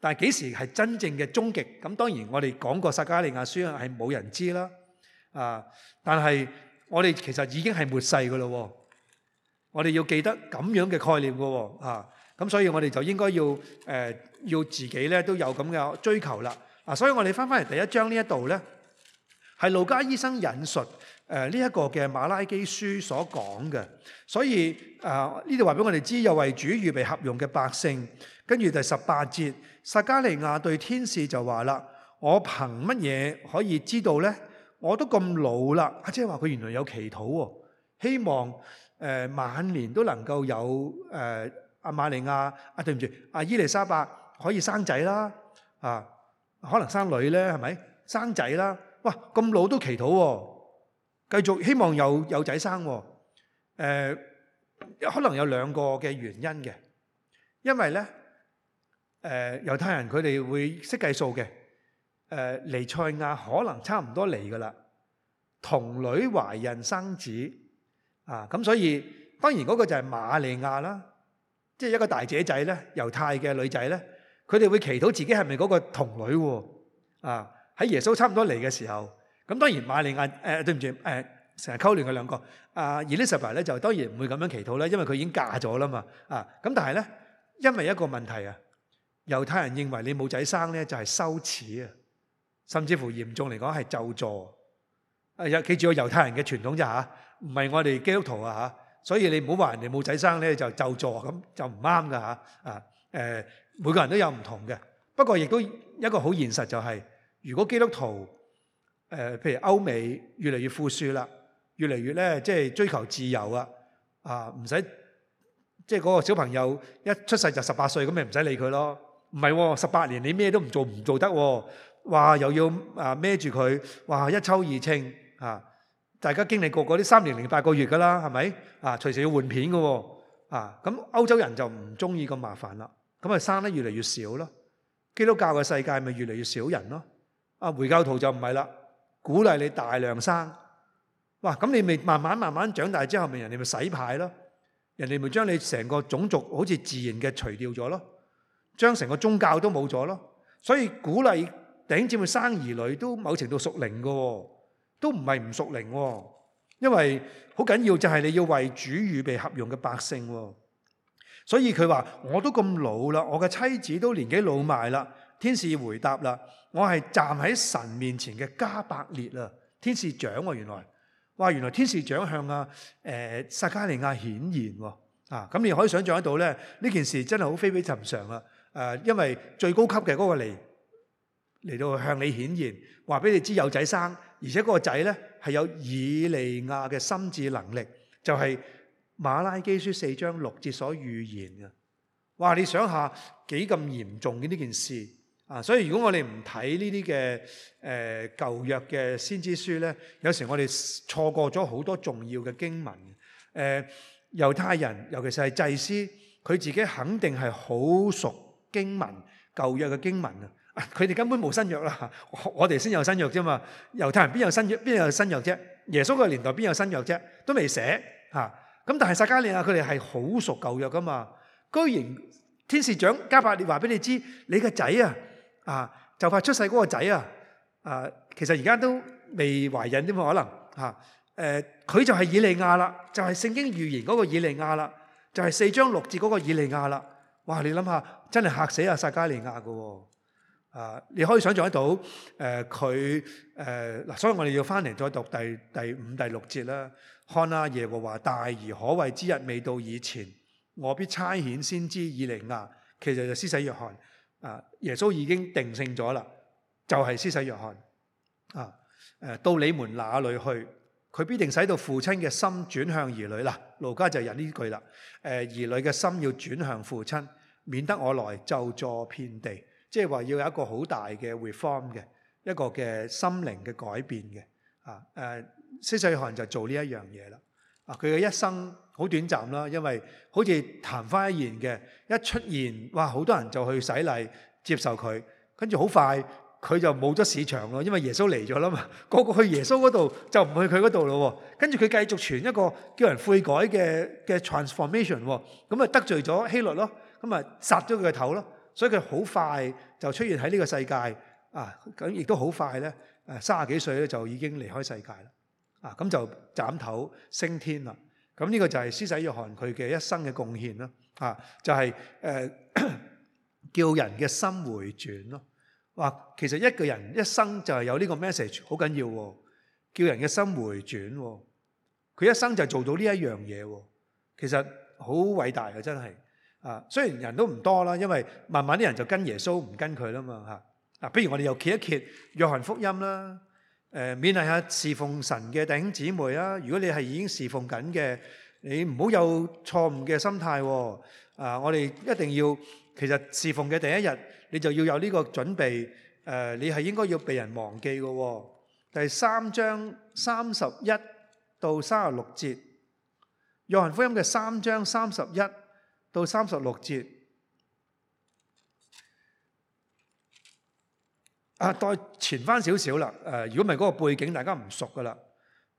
S1: 但係幾時係真正嘅終極？咁當然我哋講過撒加利亞書係冇人知啦，啊！但係我哋其實已經係末世㗎啦喎，我哋要記得咁樣嘅概念㗎喎，啊！咁所以我哋就應該要誒。要自己咧都有咁嘅追求啦。啊，所以我哋翻翻嚟第一章呢一度咧，係路加醫生引述誒呢一個嘅馬拉基書所講嘅。所以啊，呢度話俾我哋知有為主預備合用嘅百姓。跟住第十八節，撒迦利亞對天使就話啦：我憑乜嘢可以知道咧？我都咁老啦。阿，即係話佢原來有祈禱喎，希望誒晚年都能夠有誒阿瑪利亞。啊，對唔住，阿伊麗莎白。可以生仔啦，啊，可能生女咧，係咪？生仔啦，哇！咁老都祈禱，繼續希望有有仔生。誒，可能有兩個嘅原因嘅，因為咧，誒猶太人佢哋會識計數嘅，誒彌賽亞可能差唔多嚟噶啦，童女懷孕生子，啊咁所以當然嗰個就係瑪利亞啦，即係一個大姐仔咧，猶太嘅女仔咧。佢哋會祈禱自己係咪嗰個童女喎？啊，喺耶穌差唔多嚟嘅時候，咁當然瑪利亞誒，對唔住誒，成日溝亂佢兩個啊。伊麗莎白咧就當然唔會咁樣祈禱啦，因為佢已經嫁咗啦嘛。啊，咁但係咧，因為一個問題啊，猶太人認為你冇仔生咧就係羞恥啊，甚至乎嚴重嚟講係咒詛啊！記住個猶太人嘅傳統啫嚇，唔係我哋基督徒啊嚇，所以你唔好話人哋冇仔生咧就咒詛咁就唔啱㗎嚇啊誒。每個人都有唔同嘅，不過亦都一個好現實就係、是，如果基督徒、呃、譬如歐美越嚟越富庶啦，越嚟越咧即係追求自由啊，啊唔使即係嗰個小朋友一出世就十八歲，咁咪唔使理佢咯。唔係喎，十八年你咩都唔做唔做得喎、哦，哇又要啊孭住佢，哇一抽二清啊！大家經歷過嗰啲三年零八個月㗎啦，係咪啊？隨時要換片嘅喎、哦、啊！咁、嗯、歐洲人就唔中意咁麻煩啦。咁咪生得越嚟越少咯，基督教嘅世界咪越嚟越少人咯。啊，回教徒就唔係啦，鼓勵你大量生，哇！咁你咪慢慢慢慢長大之後，咪人哋咪洗牌咯，人哋咪將你成個種族好似自然嘅除掉咗咯，將成個宗教都冇咗咯。所以鼓勵頂尖去生兒女都某程度屬靈嘅，都唔係唔屬靈，因為好緊要就係你要為主預備合用嘅百姓。所以佢話我都咁老啦，我嘅妻子都年紀老邁啦。天使回答啦，我係站喺神面前嘅加百列啊！天使長喎，原來，哇！原來天使長向啊，誒、呃，撒迦利亞顯現喎、啊，啊！咁你可以想象得到咧，呢件事真係好非比尋常啊！誒、啊，因為最高級嘅嗰個嚟嚟到向你顯現，話俾你知有仔生，而且嗰個仔咧係有以利亞嘅心智能力，就係、是。馬拉基書四章六節所預言嘅，哇！你想下幾咁嚴重嘅呢件事啊？所以如果我哋唔睇呢啲嘅誒舊約嘅先知書呢，有時我哋錯過咗好多重要嘅經文嘅。誒、呃、猶太人，尤其是係祭司，佢自己肯定係好熟經文舊約嘅經文啊！佢哋根本冇新約啦，我我哋先有新約啫嘛。猶太人邊有新約？邊有新約啫？耶穌嘅年代邊有新約啫？都未寫嚇。啊。咁但係撒迦利亞佢哋係好熟舊約噶嘛？居然天使長加百列話俾你知，你個仔啊啊，就快出世嗰個仔啊啊，其實而家都未懷孕，點可能吓？誒，佢就係以利亞啦，就係聖經預言嗰個以利亞啦，就係四章六節嗰個以利亞啦。哇！你諗下，真係吓死阿撒迦利亞噶，啊！你可以想象得到，誒佢誒嗱，所以我哋要翻嚟再讀第第五、第六節啦。看啦，耶和華大而可畏之日未到以前，我必差遣先知以利亞。其實就施洗約翰啊，耶穌已經定性咗啦，就係施洗約翰啊。誒，到你們那裏去，佢必定使到父親嘅心轉向兒女啦。路、啊、加就引呢句啦。誒、啊，兒女嘅心要轉向父親，免得我來咒詛遍地。即係話要有一個好大嘅 reform 嘅一個嘅心靈嘅改變嘅啊。誒、啊。施洗約翰就做呢一樣嘢啦。啊，佢嘅一生好短暫啦，因為好似曇花一現嘅，一出現，哇！好多人就去洗禮接受佢，跟住好快佢就冇咗市場咯，因為耶穌嚟咗啦嘛。個個去耶穌嗰度就唔去佢嗰度咯。跟住佢繼續傳一個叫人悔改嘅嘅 transformation 喎。咁啊得罪咗希律咯，咁啊殺咗佢嘅頭咯。所以佢好快就出現喺呢個世界啊，咁亦都好快咧，誒三十幾歲咧就已經離開世界啦。啊，咁就斬頭升天啦！咁呢個就係施洗約翰佢嘅一生嘅貢獻啦。啊，就係誒叫人嘅心回轉咯。哇，其實一個人一生就係有呢個 message 好緊要喎，叫人嘅心回轉喎。佢一生就做到呢一樣嘢喎，其實好偉大嘅，真係啊！雖然人都唔多啦，因為慢慢啲人就跟耶穌唔跟佢啦嘛嚇。嗱，不如我哋又揭一揭約翰福音啦。誒，勉勵下侍奉神嘅弟兄姊妹啦。如果你係已經侍奉緊嘅，你唔好有錯誤嘅心態。啊，我哋一定要，其實侍奉嘅第一日，你就要有呢個準備。誒，你係應該要被人忘記嘅。第三章三十一到三十六節，約翰福音嘅三章三十一到三十六節。啊，再前翻少少啦，誒、啊，如果唔係嗰個背景，大家唔熟噶啦。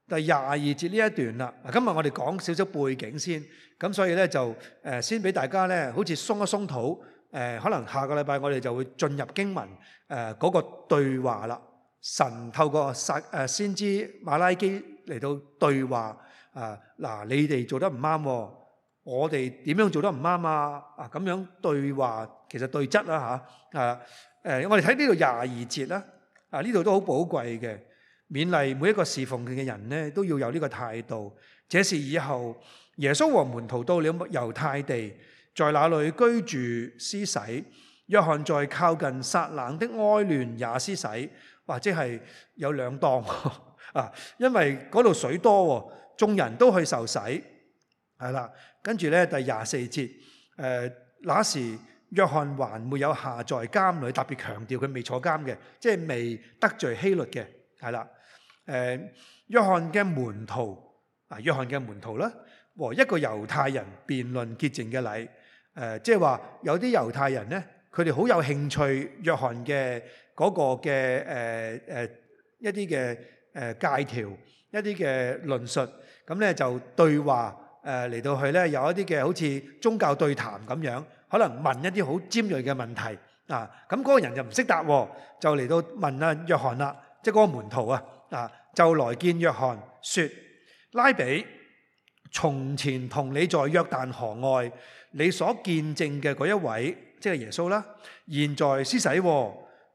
S1: 第廿二節呢一段啦、啊，今日我哋講少少背景先，咁所以咧就誒、啊、先俾大家咧，好似鬆一鬆土，誒、啊，可能下個禮拜我哋就會進入經文誒嗰、啊那個對話啦。神透過撒誒先知馬拉基嚟到對話啊，嗱，你哋做得唔啱，我哋點樣做得唔啱啊？啊，咁、啊樣，啊啊、樣對話其實對質啦嚇啊！啊誒、嗯，我哋睇呢度廿二節啦，啊呢度都好寶貴嘅，勉勵每一個侍奉佢嘅人呢，都要有呢個態度。這是以後耶穌和門徒到了猶太地，在那裡居住施洗。約翰在靠近撒冷的哀壇也施洗，或者係有兩檔啊，因為嗰度水多，眾人都去受洗，係啦。跟住咧第廿四節，誒、呃，那時。約翰還沒有下在監裏，特別強調佢未坐監嘅，即係未得罪希律嘅，係啦。誒、呃，約翰嘅門徒啊，約翰嘅門徒啦，和、哦、一個猶太人辯論潔淨嘅禮，誒、呃，即係話有啲猶太人呢，佢哋好有興趣約翰嘅嗰個嘅誒誒一啲嘅誒戒條，一啲嘅論述，咁咧就對話誒嚟、呃、到去咧有一啲嘅好似宗教對談咁樣。可能問一啲好尖鋭嘅問題啊，咁嗰個人就唔識答，就嚟到問阿約翰啦，即係嗰個門徒啊，啊就來見約翰，說拉比，從前同你在約旦河外，你所見證嘅嗰一位，即係耶穌啦，現在施洗，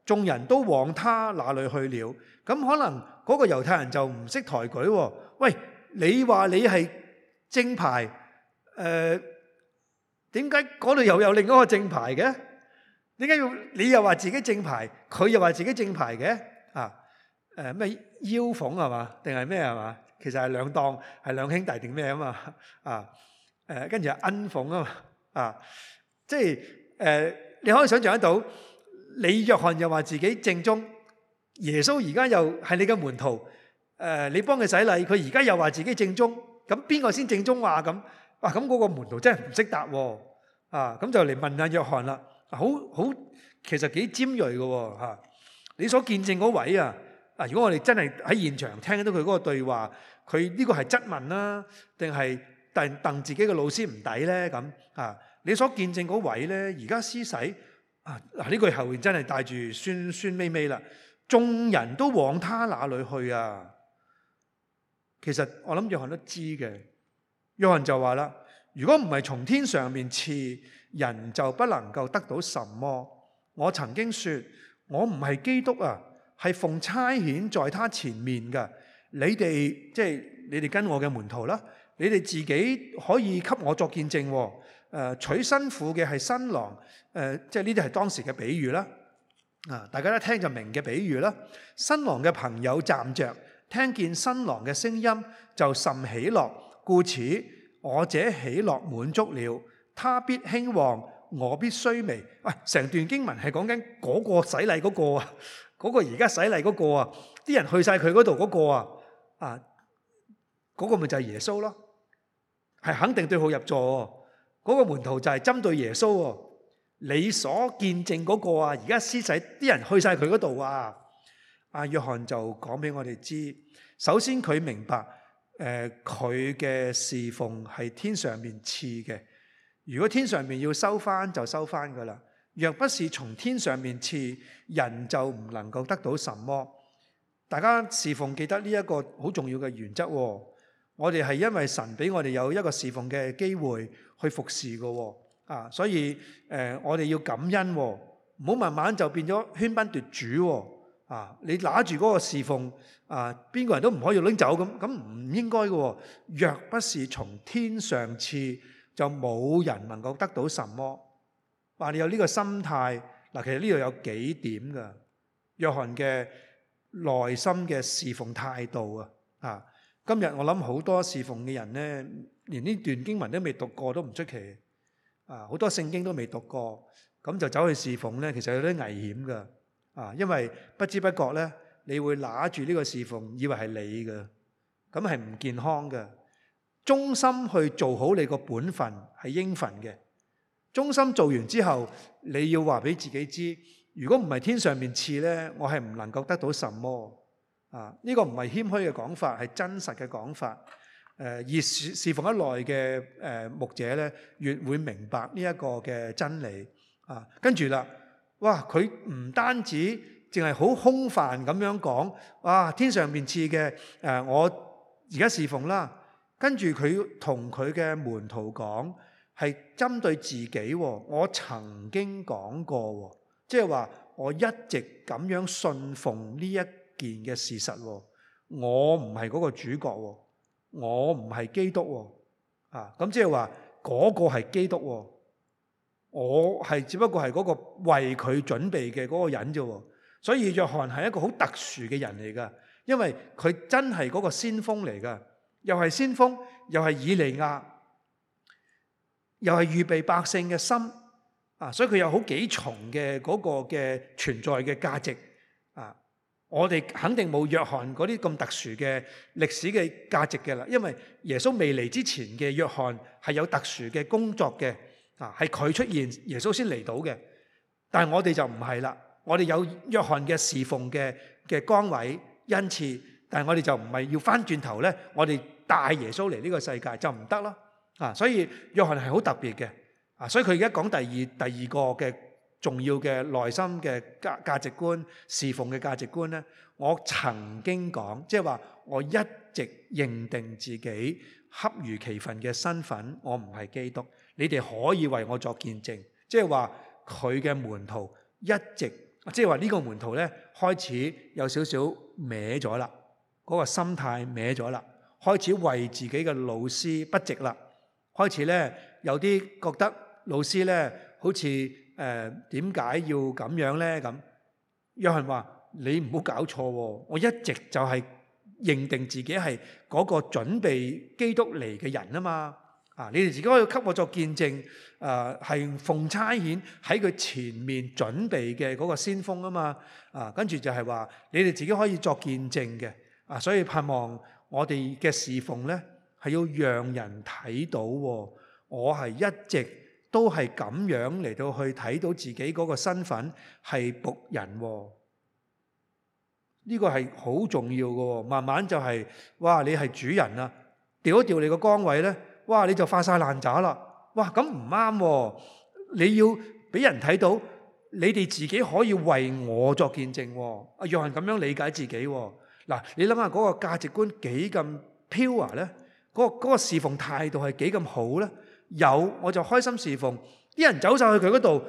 S1: 眾人都往他那裏去了，咁可能嗰個猶太人就唔識抬舉喎，喂，你話你係正牌，誒？點解嗰度又有另一個正牌嘅？點解要你又話自己正牌，佢又話自己正牌嘅？啊，誒咩僥逢係嘛？定係咩係嘛？其實係兩檔，係兩兄弟定咩啊嘛？啊，誒跟住係恩逢啊嘛？啊，即係誒、啊，你可以想象得到，李約翰又話自己正宗，耶穌而家又係你嘅門徒，誒、啊、你幫佢洗禮，佢而家又話自己正宗，咁邊個先正宗啊？咁？哇！咁嗰、啊、個門徒真係唔識答喎，啊咁就嚟問下約翰啦，好好其實幾尖銳嘅喎你所見證嗰位啊，啊如果我哋真係喺現場聽到佢嗰個對話，佢呢個係質問啦，定係替替自己嘅老師唔抵咧咁啊？你所見證嗰位咧、啊，而、啊、家、這個啊啊啊、施洗啊嗱呢句後面真係帶住酸酸味味啦。眾人都往他那裏去啊。其實我諗約翰都知嘅。約翰就話啦，如果唔係從天上面賜，人就不能夠得到什麼。我曾經說，我唔係基督啊，係奉差遣在他前面嘅。你哋即係你哋跟我嘅門徒啦，你哋自己可以給我作見證。誒、啊，娶新婦嘅係新郎，誒、啊，即係呢啲係當時嘅比喻啦。啊，大家一聽就明嘅比喻啦。新郎嘅朋友站着，聽見新郎嘅聲音就甚喜樂。故此，我者喜樂滿足了，他必興旺，我必衰微。喂、哎，成段經文係講緊嗰個洗禮嗰個啊，嗰個而家洗禮嗰個啊，啲人去晒佢嗰度嗰個啊，啊，嗰個咪就係耶穌咯，係肯定對號入座。嗰個門徒就係針對耶穌。你所見證嗰個啊，而家施洗啲人去晒佢嗰度啊，阿約翰就講俾我哋知。首先佢明白。佢嘅侍奉係天上面賜嘅，如果天上面要收翻就收翻噶啦，若不是從天上面賜，人就唔能夠得到什麼。大家侍奉記得呢一個好重要嘅原則喎、哦，我哋係因為神俾我哋有一個侍奉嘅機會去服侍嘅喎，啊，所以、呃、我哋要感恩喎、哦，唔好慢慢就變咗喧賓奪主喎、哦。啊！你拿住嗰個侍奉啊，邊個人都唔可以要拎走咁，咁唔應該嘅。若不是從天上賜，就冇人能夠得到什麼。話你有呢個心態嗱，其實呢度有幾點嘅約翰嘅內心嘅侍奉態度啊！啊，今日我諗好多侍奉嘅人呢，連呢段經文都未讀過都唔出奇啊！好多聖經都未讀過，咁就走去侍奉呢，其實有啲危險嘅。啊，因為不知不覺咧，你會拿住呢個侍奉，以為係你嘅，咁係唔健康嘅。忠心去做好你個本分係應份嘅，忠心做完之後，你要話俾自己知，如果唔係天上面賜，咧，我係唔能夠得到什麼。啊，呢、呢個唔係謙虛嘅講法，係真實嘅講法。誒、呃，越侍侍奉得耐嘅誒牧者咧，越會明白呢一個嘅真理。啊，跟住啦。哇！佢唔單止淨係好空泛咁樣講，哇！天上面似嘅，誒我而家侍奉啦，跟住佢同佢嘅門徒講，係針對自己喎。我曾經講過，即係話我一直咁樣信奉呢一件嘅事實喎。我唔係嗰個主角喎，我唔係基督喎，啊！咁即係話嗰個係基督喎。我係只不過係嗰個為佢準備嘅嗰個人啫，所以約翰係一個好特殊嘅人嚟噶，因為佢真係嗰個先鋒嚟噶，又係先鋒，又係以利亞，又係預備百姓嘅心，啊，所以佢有好幾重嘅嗰個嘅存在嘅價值啊，我哋肯定冇約翰嗰啲咁特殊嘅歷史嘅價值嘅啦，因為耶穌未嚟之前嘅約翰係有特殊嘅工作嘅。啊，係佢出現，耶穌先嚟到嘅。但係我哋就唔係啦，我哋有約翰嘅侍奉嘅嘅崗位，恩賜，但係我哋就唔係要翻轉頭呢，我哋帶耶穌嚟呢個世界就唔得咯。啊，所以約翰係好特別嘅。啊，所以佢而家講第二第二個嘅重要嘅內心嘅價價值觀侍奉嘅價值觀呢，我曾經講，即係話我一直認定自己恰如其分嘅身份，我唔係基督。你哋可以為我作見證，即係話佢嘅門徒一直，即係話呢個門徒呢，開始有少少歪咗啦，嗰個心態歪咗啦，開始為自己嘅老師不值啦，開始呢，有啲覺得老師呢好似誒點解要咁樣呢？咁，約翰話：你唔好搞錯喎，我一直就係認定自己係嗰個準備基督嚟嘅人啊嘛。啊！你哋自己可以給我作見證，誒係奉差遣喺佢前面準備嘅嗰個先鋒啊嘛！啊，跟住就係話你哋自己可以作見證嘅啊，所以盼望我哋嘅侍奉呢，係要讓人睇到的，我係一直都係咁樣嚟到去睇到自己嗰個身份係僕人呢，啊呢個係好重要嘅喎，啊，慢慢就係、是、「哇！你係主人啊，調一調你個崗位呢。」哇！你就發曬爛渣啦！哇！咁唔啱喎，你要俾人睇到你哋自己可以為我作見證喎。阿約翰咁樣理解自己喎。嗱，你諗下嗰個價值觀幾咁 pure 咧？嗰個嗰個侍奉態度係幾咁好咧？有我就開心侍奉，啲人走曬去佢嗰度，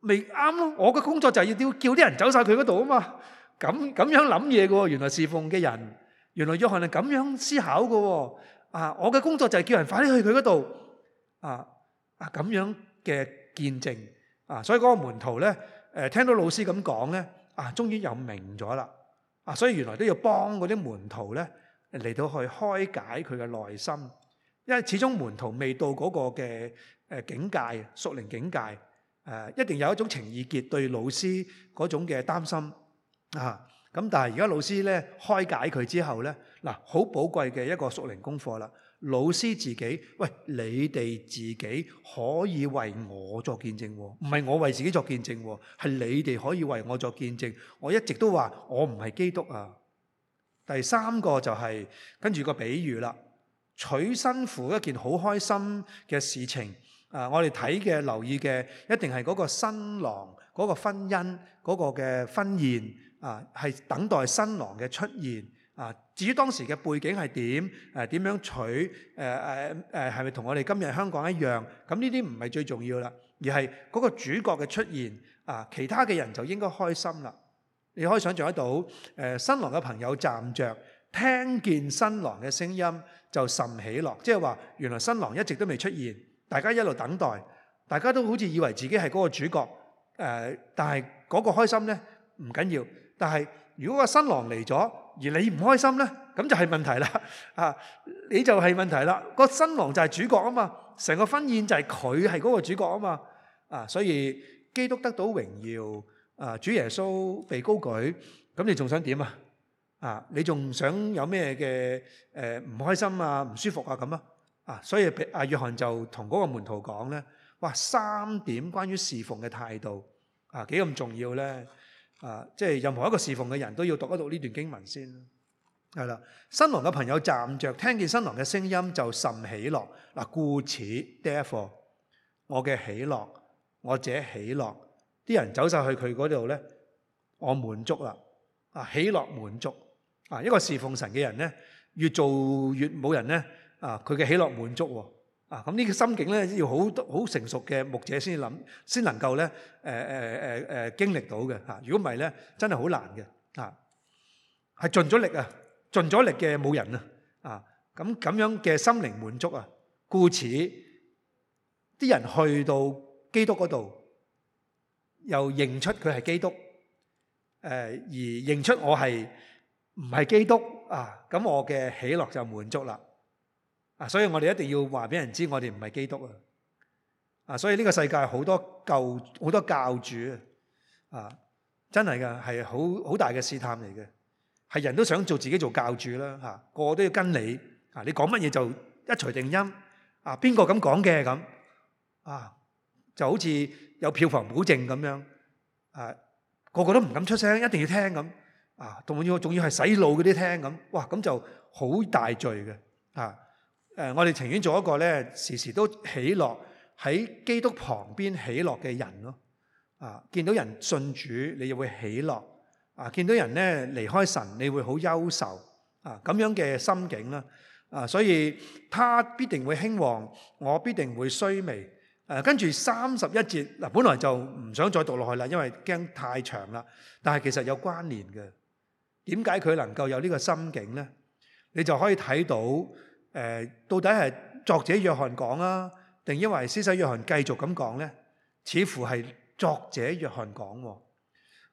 S1: 咪啱咯？我嘅工作就係要叫啲人走曬佢嗰度啊嘛。咁咁樣諗嘢嘅喎，原來侍奉嘅人，原來約翰係咁樣思考嘅喎。啊！我嘅工作就係叫人快啲去佢嗰度啊啊！咁樣嘅見證啊，所以嗰個門徒咧，誒聽到老師咁講咧，啊，終於又明咗啦啊！所以原來都要幫嗰啲門徒咧嚟到去開解佢嘅內心，因為始終門徒未到嗰個嘅誒境界，屬靈境界誒，一定有一種情意結對老師嗰種嘅擔心啊。咁但係而家老師咧開解佢之後呢，嗱，好寶貴嘅一個屬靈功課啦。老師自己喂，你哋自己可以為我作見證喎，唔係我為自己作見證喎，係你哋可以為我作見證。我一直都話我唔係基督啊。第三個就係、是、跟住個比喻啦，娶新婦一件好開心嘅事情。啊，我哋睇嘅留意嘅一定係嗰個新郎嗰、那個婚姻嗰、那個嘅婚宴。啊，係等待新郎嘅出現。啊，至於當時嘅背景係點，誒點樣娶，誒誒誒係咪同我哋今日香港一樣？咁呢啲唔係最重要啦，而係嗰個主角嘅出現。啊，其他嘅人就應該開心啦。你可以想像得到，誒新郎嘅朋友站着，聽見新郎嘅聲音就甚喜樂，即係話原來新郎一直都未出現，大家一路等待，大家都好似以為自己係嗰個主角。誒，但係嗰個開心呢，唔緊要。但係如果個新郎嚟咗，而你唔開心咧，咁就係問題啦，啊你就係問題啦。個新郎就係主角啊嘛，成個婚宴就係佢係嗰個主角啊嘛，啊所以基督得到榮耀，啊主耶穌被高舉，咁你仲想點啊？啊你仲想有咩嘅，誒唔開心啊，唔舒服啊咁啊？啊所以阿約翰就同嗰個門徒講咧，哇三點關於侍奉嘅態度啊幾咁重要咧。啊！即係任何一個侍奉嘅人都要讀一讀呢段經文先，係啦。新郎嘅朋友站着聽見新郎嘅聲音就甚喜樂，嗱、啊、故此 therefore 我嘅喜樂，我這喜樂，啲人走晒去佢嗰度呢，我滿足啦，啊喜樂滿足，啊一個侍奉神嘅人呢，越做越冇人呢，啊佢嘅喜樂滿足喎、啊。啊！咁呢個心境咧，要好好成熟嘅牧者先諗，先能夠咧，誒誒誒誒經歷到嘅嚇。如果唔係咧，真係好難嘅啊！係盡咗力啊，盡咗力嘅冇人啊！啊！咁咁樣嘅心靈滿足啊，故此啲人去到基督嗰度，又認出佢係基督，誒而認出我係唔係基督啊？咁我嘅喜樂就滿足啦。啊！所以我哋一定要話俾人知，我哋唔係基督啊！啊！所以呢個世界好多教好多教主啊，真係噶係好好大嘅試探嚟嘅。係人都想做自己做教主啦，吓個個都要跟你啊！你講乜嘢就一錘定音啊！邊個咁講嘅咁啊？就好似有票房保證咁樣啊！個個都唔敢出聲，一定要聽咁啊！仲要仲要係洗腦嗰啲聽咁，哇！咁就好大罪嘅啊！誒，我哋情願做一個咧，時時都喜樂喺基督旁邊喜樂嘅人咯。啊，見到人信主，你又會喜樂；啊，見到人咧離開神，你會好憂愁。啊，咁樣嘅心境啦。啊，所以他必定會興旺，我必定會衰微。誒，跟住三十一節嗱，本來就唔想再讀落去啦，因為驚太長啦。但係其實有關聯嘅。點解佢能夠有呢個心境呢？你就可以睇到。誒，到底係作者約翰講啊，定因為施洗約翰繼續咁講呢？似乎係作者約翰講喎。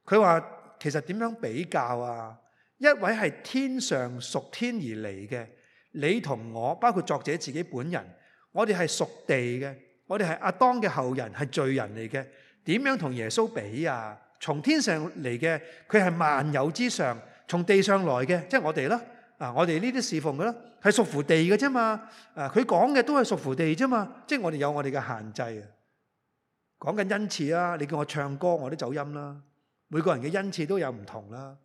S1: 佢話其實點樣比較啊？一位係天上屬天而嚟嘅，你同我，包括作者自己本人，我哋係屬地嘅，我哋係阿當嘅後人，係罪人嚟嘅。點樣同耶穌比啊？從天上嚟嘅，佢係萬有之上；從地上來嘅，即係我哋啦。啊！我哋呢啲侍奉嘅咧，係屬乎地嘅啫嘛。啊，佢講嘅都係屬乎地啫嘛。即係我哋有我哋嘅限制。講緊恩賜啦，你叫我唱歌，我都走音啦。每個人嘅恩賜都有唔同啦，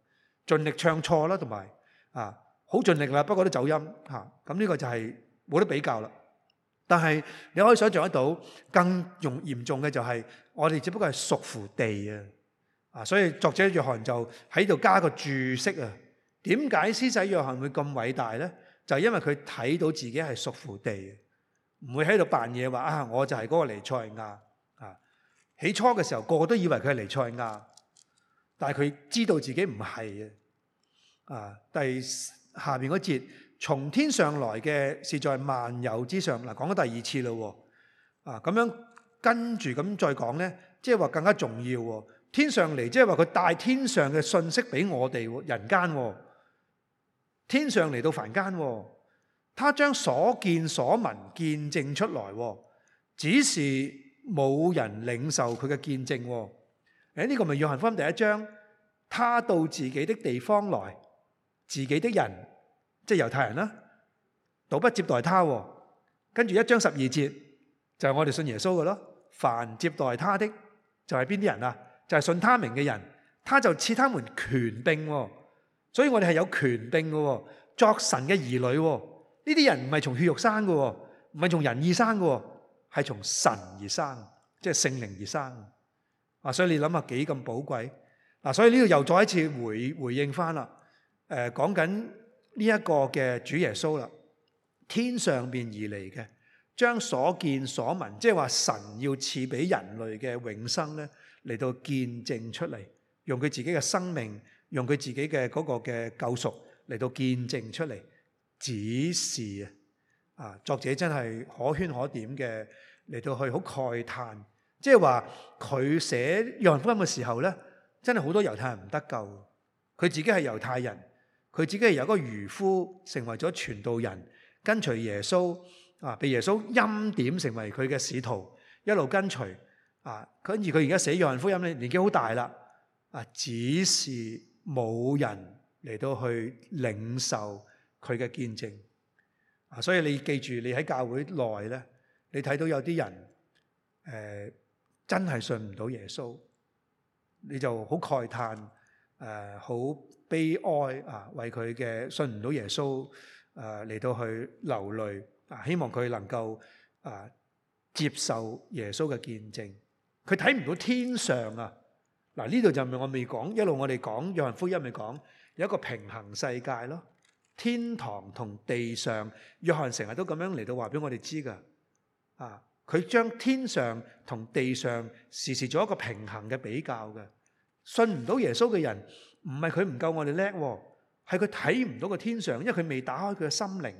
S1: 盡力唱錯啦，同埋啊，好盡力啦。不過都走音嚇。咁呢個就係冇得比較啦。但係你可以想象得到，更用嚴重嘅就係我哋只不過係屬乎地啊。啊，所以作者約翰就喺度加個注釋啊。點解施洗約翰會咁偉大呢？就因為佢睇到自己係屬乎地，唔會喺度扮嘢話啊，我就係嗰個尼賽亞啊。起初嘅時候，個個都以為佢係尼賽亞，但係佢知道自己唔係嘅啊。第下面嗰節，從天上來嘅是在萬有之上嗱、啊，講咗第二次啦喎啊，咁樣跟住咁再講呢，即係話更加重要喎。天上嚟，即係話佢帶天上嘅信息俾我哋人間喎、啊。天上嚟到凡間，他將所見所聞見證出來，只是冇人領受佢嘅見證。誒、哎，呢、這個咪約翰福音第一章，他到自己的地方來，自己的人，即、就、係、是、猶太人啦，倒不接待他。跟住一章十二節就係、是、我哋信耶穌嘅咯。凡接待他的，就係邊啲人啊？就係、是、信他名嘅人，他就賜他們權柄。所以我哋係有權柄嘅，作神嘅兒女。呢啲人唔係從血肉生嘅，唔係從人意生嘅，係從神而生，即係聖靈而生。啊，所以你諗下幾咁寶貴。嗱，所以呢度又再一次回回應返啦。誒，講緊呢一個嘅主耶穌啦，天上邊而嚟嘅，將所見所聞，即係話神要賜俾人類嘅永生咧，嚟到見證出嚟，用佢自己嘅生命。用佢自己嘅嗰個嘅救贖嚟到見證出嚟，指示啊，作者真係可圈可點嘅，嚟到去好慨嘆，即係話佢寫約翰福音嘅時候呢，真係好多猶太人唔得救，佢自己係猶太人，佢自己係由一個漁夫成為咗傳道人，跟隨耶穌啊，被耶穌欽點成為佢嘅使徒，一路跟隨啊，跟住佢而家寫約翰福音咧，年紀好大啦，啊，只是。冇人嚟到去領受佢嘅見證，啊！所以你記住，你喺教會內咧，你睇到有啲人誒真係信唔到耶穌，你就好慨嘆誒，好悲哀啊！為佢嘅信唔到耶穌誒嚟到去流淚啊！希望佢能夠啊接受耶穌嘅見證，佢睇唔到天上啊！嗱，呢度就係我未講，一路我哋講約翰福音咪講有一個平衡世界咯，天堂同地上，約翰成日都咁樣嚟到話俾我哋知噶，啊，佢將天上同地上時時做一個平衡嘅比較嘅，信唔到耶穌嘅人，唔係佢唔夠我哋叻，係佢睇唔到個天上，因為佢未打開佢嘅心靈，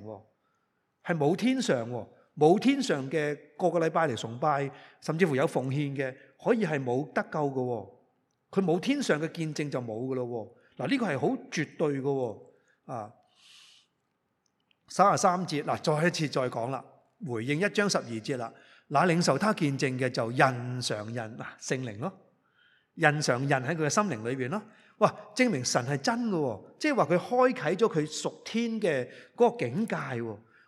S1: 係冇天上，冇天上嘅個個禮拜嚟崇拜，甚至乎有奉獻嘅，可以係冇得救嘅。佢冇天上嘅見證就冇噶咯。嗱，呢個係好絕對噶。啊，三十三節嗱，再一次再講啦，回應一章十二節啦，嗱，領受他見證嘅就印上印，聖靈咯，印上印喺佢嘅心靈裏邊咯，哇，證明神係真噶，即係話佢開啟咗佢屬天嘅嗰個境界。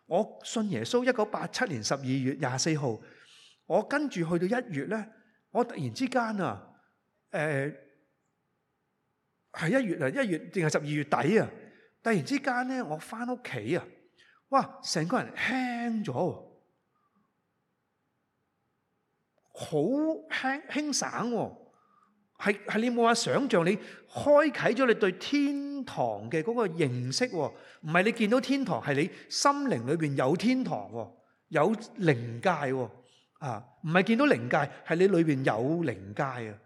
S1: 我信耶穌一九八七年十二月廿四號，我跟住去到一月咧，我突然之間啊～誒係、呃、一月啊，一月定係十二月底啊！突然之間咧，我翻屋企啊，哇，成個人輕咗，好輕輕省喎、啊！係你冇話想象，你開啟咗你對天堂嘅嗰個認識喎。唔係你見到天堂，係你心靈裏邊有天堂喎、啊，有靈界喎、啊。啊，唔係見到靈界，係你裏邊有靈界啊！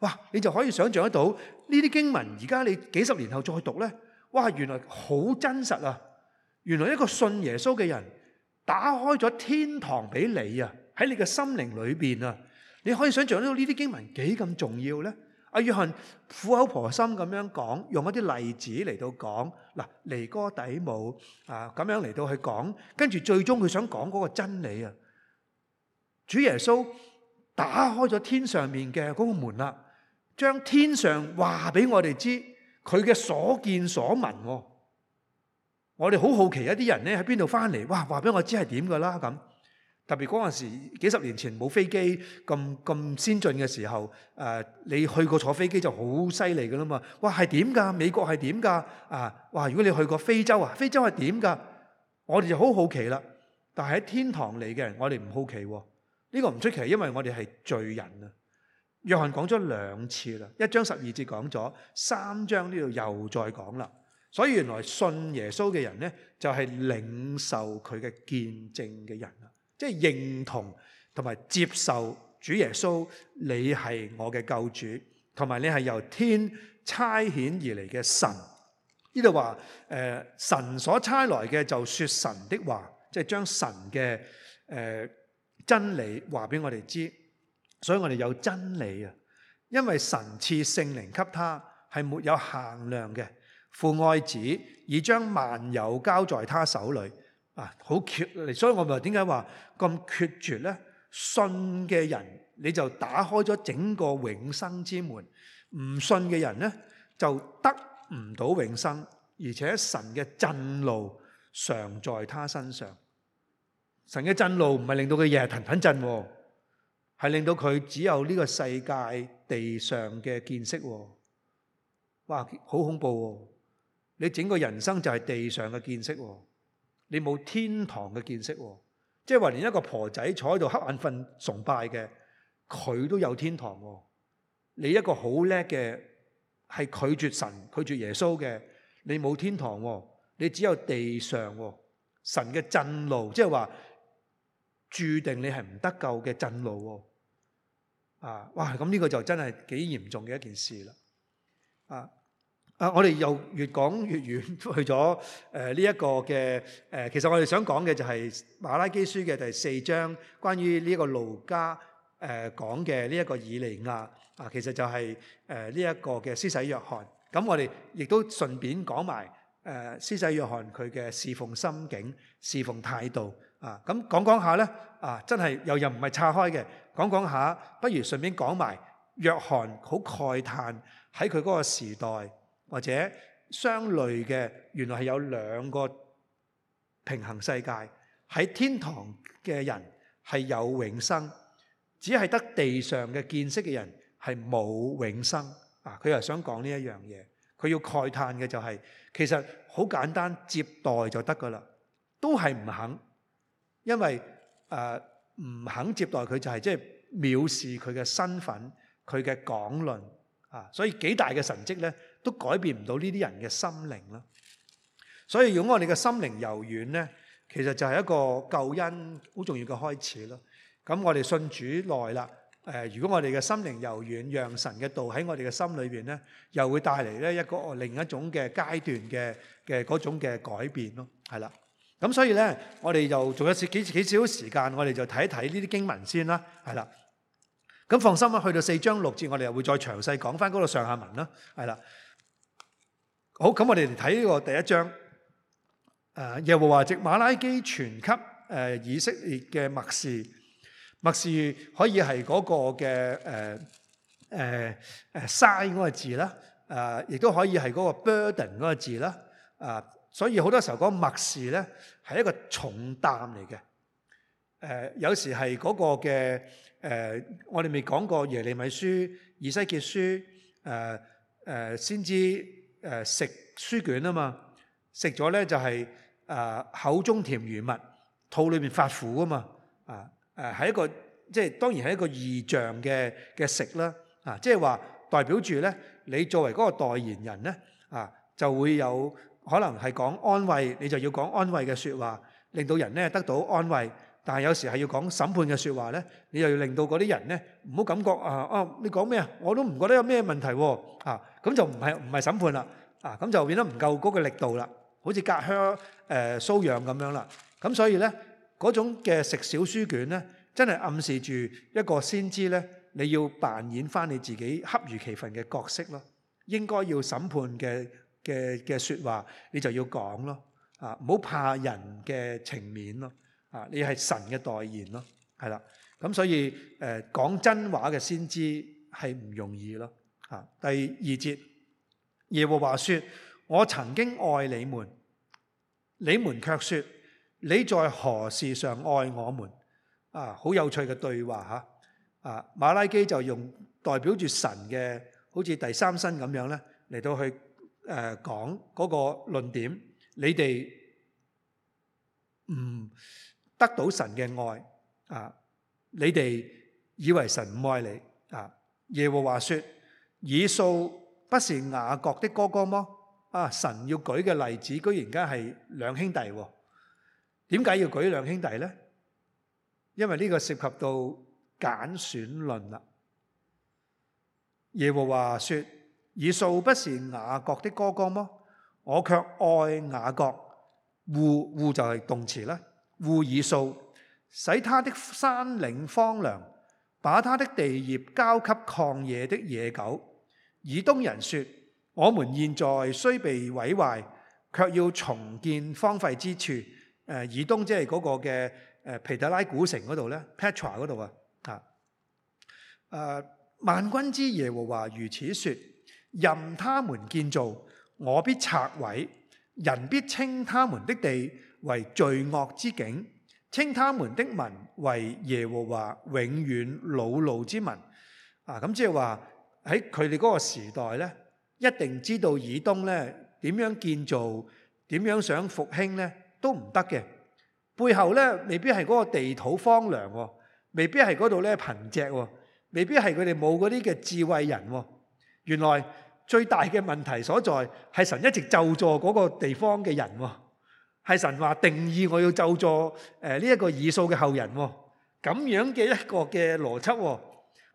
S1: 哇！你就可以想象得到呢啲經文，而家你幾十年後再讀呢，哇！原來好真實啊！原來一個信耶穌嘅人打開咗天堂俾你啊，喺你嘅心靈裏邊啊，你可以想象得到呢啲經文幾咁重要呢？阿約翰苦口婆心咁樣講，用一啲例子嚟到講嗱，尼哥底母啊咁樣嚟到去講，跟住最終佢想講嗰個真理啊，主耶穌打開咗天上面嘅嗰個門啦。將天上話俾我哋知佢嘅所見所聞。我哋好好奇一啲人咧，喺邊度翻嚟，哇，話俾我知係點噶啦咁。特別嗰陣時幾十年前冇飛機咁咁先進嘅時候，誒你去過坐飛機就好犀利噶啦嘛。哇係點噶？美國係點噶？啊，哇如果你去過非洲啊，非洲係點噶？我哋就好好奇啦。但係喺天堂嚟嘅，我哋唔好奇呢個唔出奇，因為我哋係罪人啊。約翰講咗兩次啦，一章十二節講咗，三章呢度又再講啦。所以原來信耶穌嘅人呢，就係領受佢嘅見證嘅人啦，即係認同同埋接受主耶穌，你係我嘅救主，同埋你係由天差遣而嚟嘅神。呢度話誒，神所差來嘅就說神的話，即係將神嘅誒真理話俾我哋知。所以,我哋有真理啊,因為神賜聖靈給他,係沒有限量嘅,父愛子,已將萬有交在他手裡,好決,所以我咪點解話,咁決絕呢?信嘅人,你就打開咗整個永生之門,唔信嘅人呢,就得唔到永生,而且神嘅震怒,常在他身上。神嘅震怒,唔係令到佢夜騰騰震,係令到佢只有呢個世界地上嘅見識喎、哦，哇，好恐怖喎、哦！你整個人生就係地上嘅見識喎、哦，你冇天堂嘅見識喎、哦，即係話連一個婆仔坐喺度瞌眼瞓崇拜嘅，佢都有天堂喎、哦。你一個好叻嘅，係拒絕神拒絕耶穌嘅，你冇天堂喎、哦，你只有地上喎、哦，神嘅震怒，即係話注定你係唔得救嘅震怒喎、哦。啊！哇！咁、這、呢個就真係幾嚴重嘅一件事啦、啊。啊啊！我哋又越講越遠，去咗誒呢一個嘅誒、呃。其實我哋想講嘅就係馬拉基書嘅第四章關於這，關於呢一個路加誒講嘅呢一個以利亞啊。其實就係誒呢一個嘅施洗約翰。咁、嗯、我哋亦都順便講埋誒施洗約翰佢嘅侍奉心境、侍奉態度。啊，咁講講下呢，啊，真係又又唔係岔開嘅，講講下，不如順便講埋約翰好慨嘆喺佢嗰個時代或者相類嘅，原來係有兩個平衡世界喺天堂嘅人係有永生，只係得地上嘅見識嘅人係冇永生。啊，佢又想講呢一樣嘢，佢要慨嘆嘅就係：其實好簡單，接待就得噶啦，都係唔肯。因為誒唔肯接待佢就係即係藐視佢嘅身份、佢嘅講論啊，所以幾大嘅神蹟咧都改變唔到呢啲人嘅心靈啦。所以如果我哋嘅心靈柔軟咧，其實就係一個救恩好重要嘅開始咯。咁我哋信主耐啦，誒如果我哋嘅心靈柔軟，讓神嘅道喺我哋嘅心裏邊咧，又會帶嚟咧一個另一種嘅階段嘅嘅嗰種嘅改變咯，係啦。咁所以咧，我哋又仲有少幾幾少時間，我哋就睇一睇呢啲經文先啦，係啦。咁放心啦，去到四章六節，我哋又會再詳細講翻嗰個上下文啦，係啦。好，咁我哋嚟睇呢個第一章。誒耶和華藉瑪拉基傳給誒以色列嘅默示，默示可以係嗰個嘅誒誒誒鰻嗰個字啦，誒亦都可以係嗰個 burden 嗰個字啦，啊。所以好多時候嗰個默示呢，係一個重擔嚟嘅。誒，有時係嗰個嘅誒，我哋未講過耶利米書、以西結書，誒誒，先知誒食書卷啊嘛，食咗呢就係啊口中甜如蜜，肚裏面發苦啊嘛，啊誒係一個即係當然係一個異象嘅嘅食啦，啊即係話代表住呢，你作為嗰個代言人呢，啊就會有。可能係講安慰，你就要講安慰嘅説話，令到人咧得到安慰。但係有時係要講審判嘅説話咧，你就要令到嗰啲人咧唔好感覺啊！哦，你講咩啊？我都唔覺得有咩問題喎。啊，咁就唔係唔係審判啦。啊，咁就變得唔夠嗰個力度啦。好似隔靴誒搔癢咁樣啦。咁所以咧，嗰種嘅食小書卷咧，真係暗示住一個先知咧，你要扮演翻你自己恰如其分嘅角色咯。應該要審判嘅。嘅嘅説話，你就要講咯啊！唔好怕人嘅情面咯啊！你係神嘅代言咯，係啦。咁所以誒講、呃、真話嘅先知係唔容易咯啊！第二節，耶和華說：我曾經愛你們，你們卻說：你在何事上愛我們？啊，好有趣嘅對話嚇啊！瑪拉基就用代表住神嘅，好似第三身咁樣咧嚟到去。誒講嗰個論點，你哋唔、嗯、得到神嘅愛啊！你哋以為神唔愛你啊？耶和華說：以掃不是雅各的哥哥麼？啊！神要舉嘅例子，居然間係兩兄弟喎？點、啊、解要舉兩兄弟呢？因為呢個涉及到揀選論啦。耶和華說。以掃不是雅各的哥哥嗎？我卻愛雅各。惡惡就係動詞啦，惡以掃，使他的山嶺荒涼，把他的地業交給曠野的野狗。以東人說：我們現在雖被毀壞，卻要重建荒廢之處。誒、呃，以東即係嗰個嘅誒皮特拉古城嗰度咧，Petra 嗰度啊，啊，誒萬軍之耶和華如此説。任他們建造，我必拆毀；人必稱他們的地為罪惡之境，稱他們的民為耶和華永遠惱怒之民。啊，咁即係話喺佢哋嗰個時代咧，一定知道以東咧點樣建造，點樣想復興咧都唔得嘅。背後咧未必係嗰個地土荒涼，哦，未必係嗰度咧貧瘠，哦，未必係佢哋冇嗰啲嘅智慧人、哦。原來最大嘅問題所在係神一直咒詛嗰個地方嘅人喎，係神話定義我要咒詛誒呢一個以掃嘅後人喎，咁樣嘅一個嘅邏輯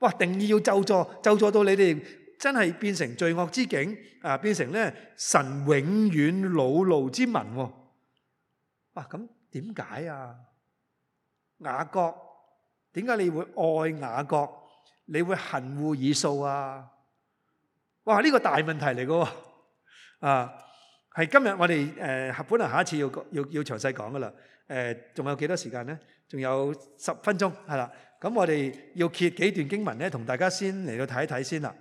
S1: 哇定義要咒詛，咒詛到你哋真係變成罪惡之境啊，變成咧神永遠惱怒之民喎，哇咁點解啊？雅各，點解你會愛雅各，你會恨惡以掃啊？哇！呢個大問題嚟噶，啊，係今日我哋誒，本來下一次要要要詳細講噶啦。誒，仲有幾多時間呢？仲有十分鐘，係啦。咁我哋要揭幾段經文咧，同大家先嚟到睇一睇先啦。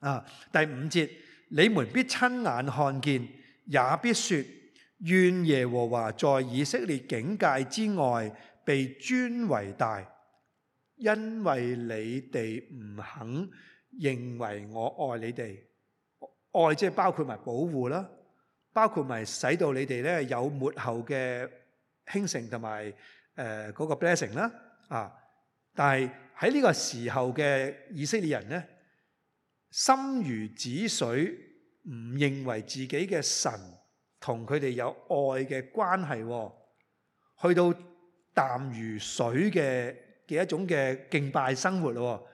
S1: 啊，第五節，你們必親眼看見，也必說，願耶和華在以色列境界之外被尊為大，因為你哋唔肯。認為我愛你哋，愛即係包括埋保護啦，包括埋使到你哋咧有末後嘅興盛同埋誒嗰個 blessing 啦啊！但係喺呢個時候嘅以色列人呢，心如止水，唔認為自己嘅神同佢哋有愛嘅關係，去到淡如水嘅嘅一種嘅敬拜生活咯。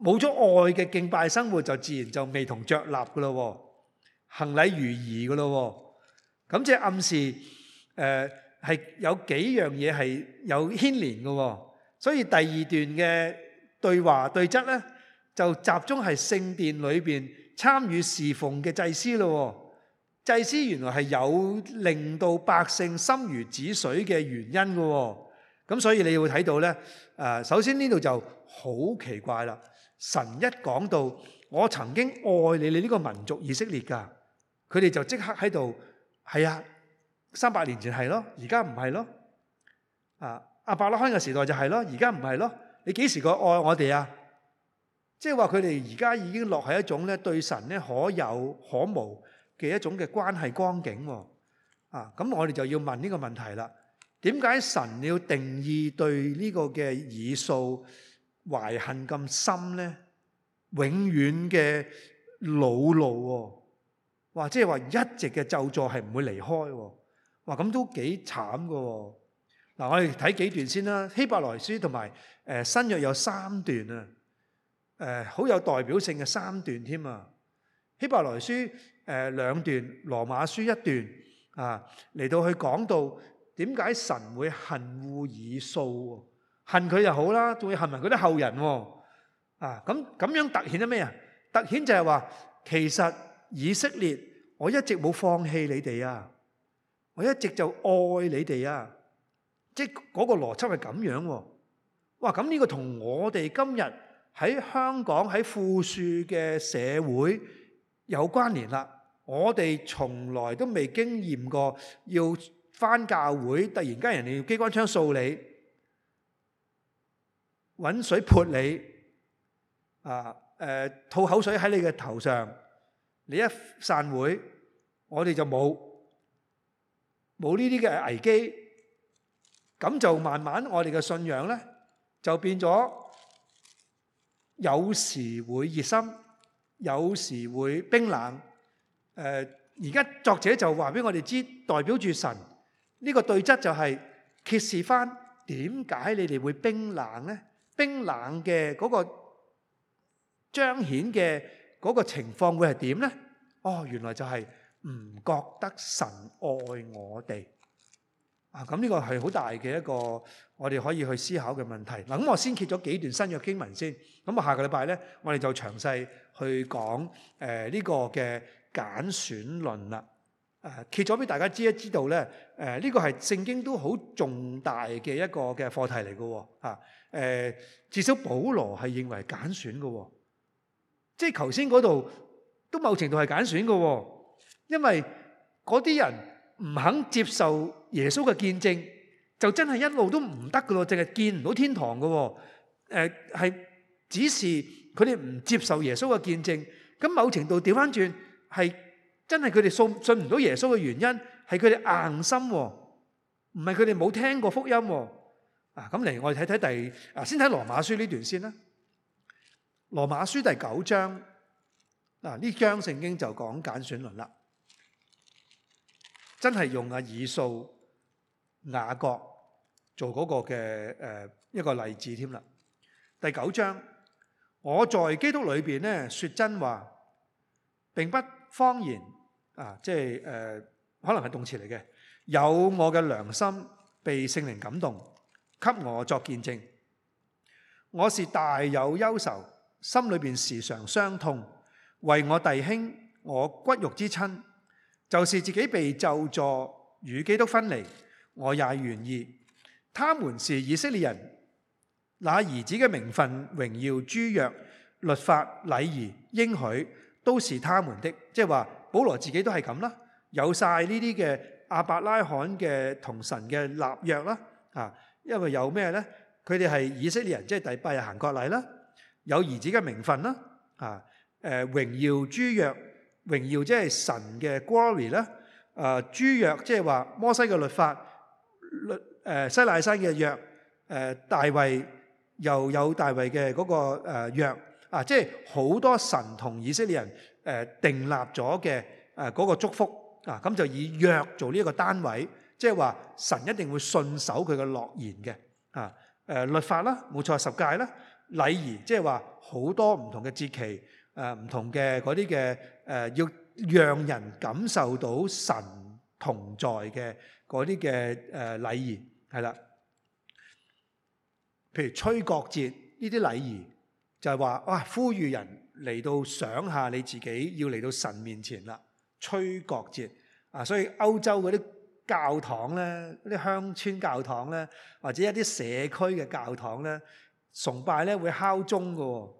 S1: 冇咗愛嘅敬拜生活，就自然就未同著立噶咯，行禮如儀㗎咯。咁即係暗示誒係、呃、有幾樣嘢係有牽連喎。所以第二段嘅對話對質咧，就集中係聖殿裏面參與侍奉嘅祭司咯。祭司原來係有令到百姓心如止水嘅原因喎。咁所以你會睇到咧、呃，首先呢度就好奇怪啦。神一講到我曾經愛你，你呢個民族以色列噶，佢哋就即刻喺度係啊，三百年前係咯，而家唔係咯。啊，亞伯拉罕嘅時代就係咯，而家唔係咯。你幾時個愛我哋啊？即係話佢哋而家已經落喺一種咧，對神咧，可有可無嘅一種嘅關係光景喎。啊，咁我哋就要問呢個問題啦。點解神要定義對呢個嘅以掃？懷恨咁深呢，永遠嘅老路喎，話即係話一直嘅咒詛係唔會離開，哇咁都幾慘噶。嗱、啊，我哋睇幾段先啦，希呃呃啊《希伯來書》同埋誒《新約》有三段啊，誒好有代表性嘅三段添啊，《希伯來書》誒兩段，《羅馬書》一段啊，嚟到去講到點解神會恨惡以掃。恨佢又好啦，仲要恨埋佢啲後人喎、哦。啊，咁咁樣突顯咗咩啊？突顯就係話，其實以色列我一直冇放棄你哋啊，我一直就愛你哋啊，即嗰個邏輯係咁樣喎、哦。哇，咁呢個同我哋今日喺香港喺富庶嘅社會有關聯啦。我哋從來都未經驗過要返教會，突然間人哋用機關槍掃你。搵水潑你，啊，誒，吐口水喺你嘅頭上，你一散會，我哋就冇，冇呢啲嘅危機，咁就慢慢我哋嘅信仰咧，就變咗有時會熱心，有時會冰冷。誒，而家作者就話俾我哋知，代表住神，呢個對質就係揭示翻，點解你哋會冰冷咧？冰冷嘅嗰個彰顯嘅嗰個情況會係點呢？哦，原來就係唔覺得神愛我哋啊！咁、這、呢個係好大嘅一個我哋可以去思考嘅問題。咁、啊、我先揭咗幾段新約經文先。咁啊，下個禮拜呢，我哋就詳細去講誒呢個嘅揀選論啦。誒揭咗俾大家知一知道咧，誒呢個係聖經都好重大嘅一個嘅課題嚟嘅喎。嚇至少保羅係認為揀選嘅喎，即係頭先嗰度都某程度係揀選嘅喎，因為嗰啲人唔肯接受耶穌嘅見證，就真係一路都唔得嘅咯，淨係見唔到天堂嘅喎，誒係只是佢哋唔接受耶穌嘅見證，咁某程度調翻轉係。真係佢哋信信唔到耶穌嘅原因，係佢哋硬心，唔係佢哋冇聽過福音。啊，咁嚟我哋睇睇第啊，先睇羅馬書呢段先啦。羅馬書第九章啊，呢章聖經就講揀選論啦。真係用阿以掃雅各做嗰個嘅誒一個例子添啦。第九章，我在基督裡面呢說真話，並不。方言啊，即係、呃、可能係動詞嚟嘅。有我嘅良心被聖靈感動，給我作見證。我是大有憂愁，心裏面時常傷痛，為我弟兄、我骨肉之親，就是自己被咒詛與基督分離，我也願意。他們是以色列人，那兒子嘅名分、榮耀、諸約、律法、禮儀、應許。都是他們的，即係話保羅自己都係咁啦，有晒呢啲嘅亞伯拉罕嘅同神嘅立約啦，啊，因為有咩呢？佢哋係以色列人，即係第八日行國禮啦，有兒子嘅名分啦，啊，誒榮耀諸約，榮耀即係神嘅 glory 啦，啊諸約即係話摩西嘅律法律，誒西乃山嘅約，誒、啊、大衛又有大衛嘅嗰個誒約。啊！即係好多神同以色列人誒定立咗嘅誒嗰個祝福啊，咁就以約做呢一個單位，即係話神一定會信守佢嘅諾言嘅啊！誒律法啦，冇錯十戒啦，禮儀，即係話好多唔同嘅節期誒，唔同嘅嗰啲嘅誒，要讓人感受到神同在嘅嗰啲嘅誒禮儀，係啦，譬如吹角節呢啲禮儀。就係話哇，呼籲人嚟到想下你自己要嚟到神面前啦。吹角節啊，所以歐洲嗰啲教堂咧，嗰啲鄉村教堂咧，或者一啲社區嘅教堂咧，崇拜咧會敲鐘嘅喎，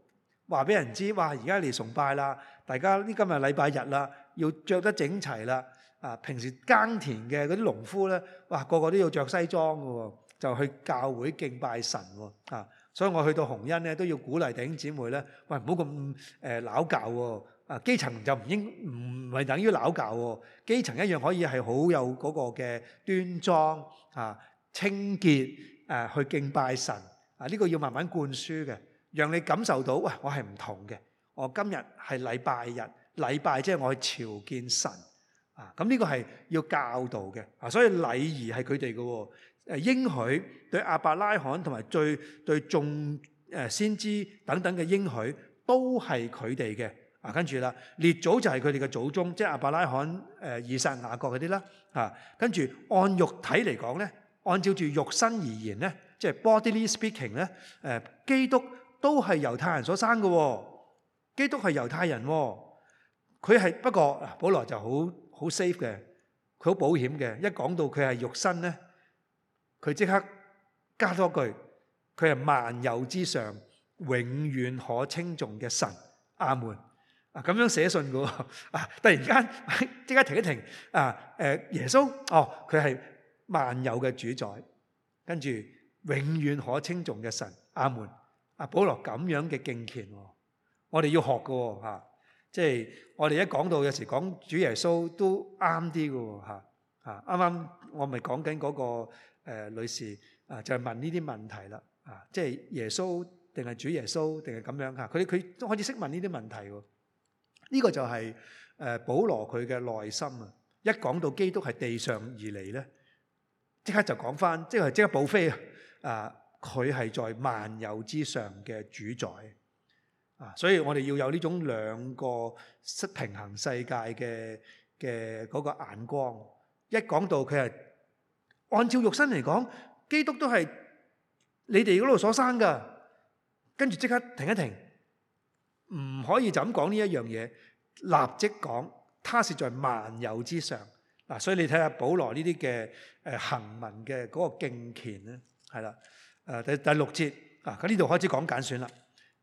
S1: 話俾人知哇！而家嚟崇拜啦，大家呢今日禮拜日啦，要着得整齊啦。啊，平時耕田嘅嗰啲農夫咧，哇，個個都要着西裝嘅喎，就去教會敬拜神喎、哦、啊！所以我去到紅恩咧，都要鼓勵弟兄姊妹咧，喂，唔好咁誒撈教喎，啊，基層就唔應唔係等於撈教喎，基層一樣可以係好有嗰個嘅端莊啊、清潔誒去敬拜神啊，呢個要慢慢灌輸嘅，讓你感受到，喂，我係唔同嘅，我今日係禮拜日，禮拜即係我去朝見神啊，咁呢個係要教導嘅啊，所以禮儀係佢哋嘅喎。誒，應許對亞伯拉罕同埋最對眾誒先知等等嘅應許，都係佢哋嘅。啊，跟住啦，列祖就係佢哋嘅祖宗，即係亞伯拉罕、誒以撒、雅各嗰啲啦。啊，跟住按肉體嚟講呢，按照住肉身而言呢，即係 bodily speaking 呢，誒基督都係猶太人所生嘅。基督係猶太人，佢係，不過保羅就好好 safe 嘅，佢好保險嘅。一講到佢係肉身呢。佢即刻加多句，佢係萬有之上永遠可稱頌嘅神，阿門。啊咁樣寫信噶喎，啊突然間即刻停一停，啊誒耶穌哦佢係萬有嘅主宰，跟住永遠可稱頌嘅神，阿門。啊保羅咁樣嘅敬虔，我哋要學噶吓，即係我哋一講到有時講主耶穌都啱啲噶吓吓，啱啱我咪講緊嗰個。誒女士啊，就係問呢啲問題啦，啊，即係耶穌定係主耶穌定係咁樣嚇？佢佢都開始識問呢啲問題喎。呢個就係誒保羅佢嘅內心啊！一講到基督係地上而嚟咧，即刻就講翻，即係即刻補飛啊！佢係在萬有之上嘅主宰啊！所以我哋要有呢種兩個失平衡世界嘅嘅嗰個眼光。一講到佢係按照肉身嚟講，基督都係你哋嗰度所生噶，跟住即刻停一停，唔可以就咁講呢一樣嘢，立即講他是在萬有之上嗱。所以你睇下保羅呢啲嘅誒行文嘅嗰個敬虔咧，係啦，誒第第六節啊，喺呢度開始講揀選啦。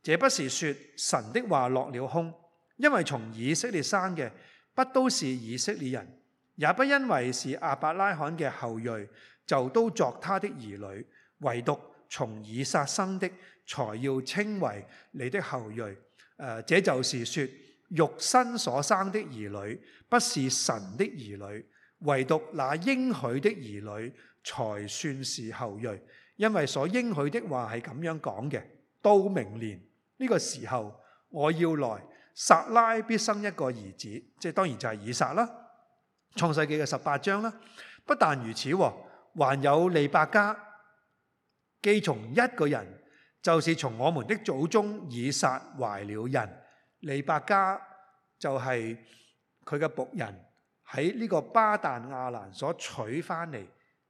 S1: 這不是說神的話落了空，因為從以色列生嘅不都是以色列人。也不因為是亞伯拉罕嘅後裔，就都作他的兒女。唯獨從以撒生的，才要稱為你的後裔。呃，這就是說，肉身所生的兒女不是神的兒女，唯獨那應許的兒女才算是後裔，因為所應許的話係咁樣講嘅：到明年呢個時候，我要來，撒拉必生一個兒子，即當然就係以撒啦。創世記嘅十八章啦，不但如此，還有利百加，既從一個人，就是從我們的祖宗以撒懷了孕。利百加就係佢嘅僕人，喺呢個巴旦亞蘭所娶翻嚟，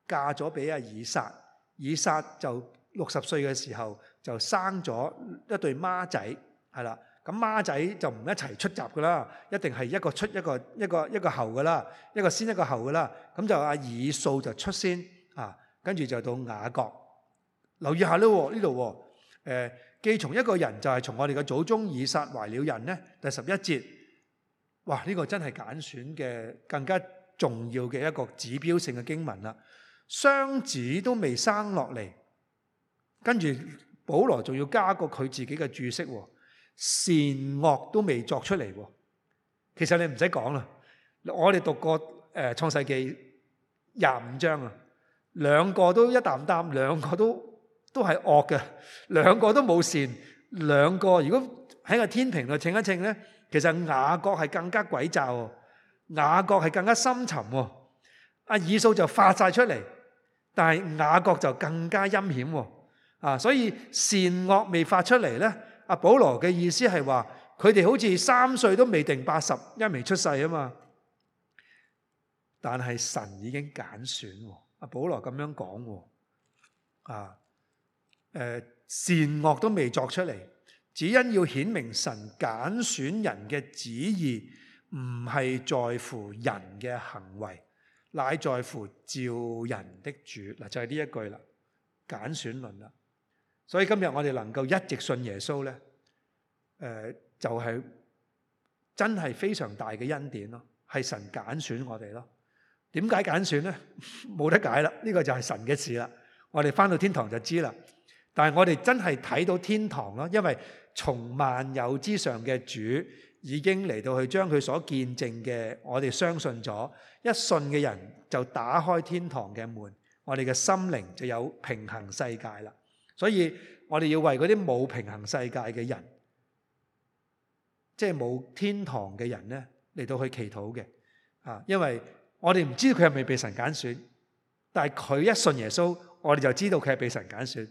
S1: 嫁咗俾阿以撒，以撒就六十歲嘅時候就生咗一對孖仔，係啦。咁孖仔就唔一齊出閘噶啦，一定係一個出一個一個一個後噶啦，一個先一個後噶啦。咁就阿以掃就出先啊，跟住就到雅各。留意下喎，呢度誒、既、呃、從一個人就係從我哋嘅祖宗以撒懷了人咧。第十一節，哇！呢、這個真係揀選嘅更加重要嘅一個指標性嘅經文啦。雙子都未生落嚟，跟住保羅仲要加個佢自己嘅注釋喎。善惡都未作出嚟喎，其實你唔使講啦。我哋讀過《誒、呃、創世記》廿五章啊，兩個都一啖啖，兩個都都係惡嘅，兩個都冇善。兩個如果喺個天平度稱一稱呢，其實雅各係更加詭詐喎，雅各係更加深沉喎。阿以掃就發晒出嚟，但係雅各就更加陰險喎。啊，所以善惡未發出嚟呢。阿保羅嘅意思係話，佢哋好似三歲都未定八十，因為未出世啊嘛。但係神已經揀選，阿保羅咁樣講，啊，善惡都未作出嚟，只因要顯明神揀選人嘅旨意，唔係在乎人嘅行為，乃在乎召人的主。嗱就係、是、呢一句啦，揀選論啦。所以今日我哋能夠一直信耶穌呢，誒，就係真係非常大嘅恩典咯，係神揀選我哋咯。點解揀選呢？冇得解啦，呢個就係神嘅事啦。我哋返到天堂就知啦。但係我哋真係睇到天堂咯，因為從萬有之上嘅主已經嚟到去將佢所見證嘅，我哋相信咗，一信嘅人就打開天堂嘅門，我哋嘅心靈就有平衡世界啦。所以我哋要為嗰啲冇平衡世界嘅人，即係冇天堂嘅人咧，嚟到去祈禱嘅啊！因為我哋唔知道佢係咪被神揀選，但係佢一信耶穌，我哋就知道佢係被神揀選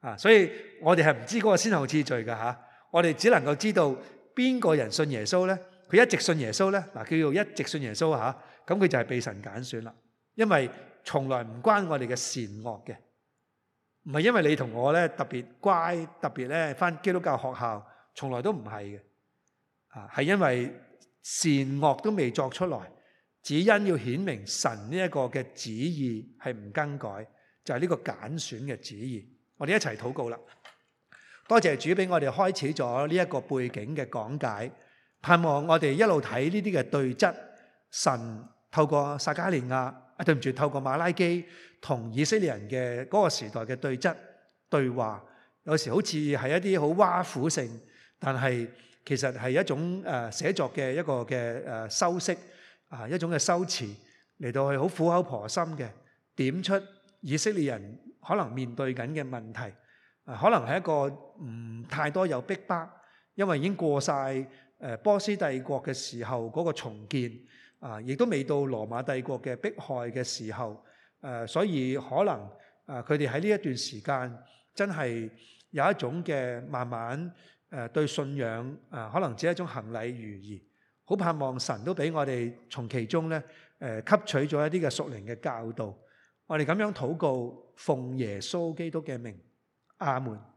S1: 啊！所以我哋係唔知嗰個先後次序噶吓，我哋只能夠知道邊個人信耶穌咧，佢一直信耶穌咧，嗱叫做一直信耶穌吓，咁佢就係被神揀選啦，因為從來唔關我哋嘅善惡嘅。唔係因為你同我咧特別乖，特別咧返基督教學校，從來都唔係嘅，啊係因為善惡都未作出來，只因要顯明神呢一個嘅旨意係唔更改，就係、是、呢個揀選嘅旨意。我哋一齊禱告啦！多謝主俾我哋開始咗呢一個背景嘅講解，盼望我哋一路睇呢啲嘅對質，神透過撒迦利亞。啊，對唔住，透過瑪拉基同以色列人嘅嗰個時代嘅對質對話，有時好似係一啲好挖苦性，但係其實係一種誒寫作嘅一個嘅誒修飾啊，一種嘅修辭嚟到去好苦口婆心嘅點出以色列人可能面對緊嘅問題，可能係一個唔太多有逼迫，因為已經過晒誒波斯帝國嘅時候嗰個重建。啊，亦都未到羅馬帝國嘅迫害嘅時候，誒，所以可能誒，佢哋喺呢一段時間真係有一種嘅慢慢誒對信仰誒，可能只係一種行禮如儀，好盼望神都俾我哋從其中咧誒吸取咗一啲嘅屬靈嘅教導，我哋咁樣禱告，奉耶穌基督嘅名，阿門。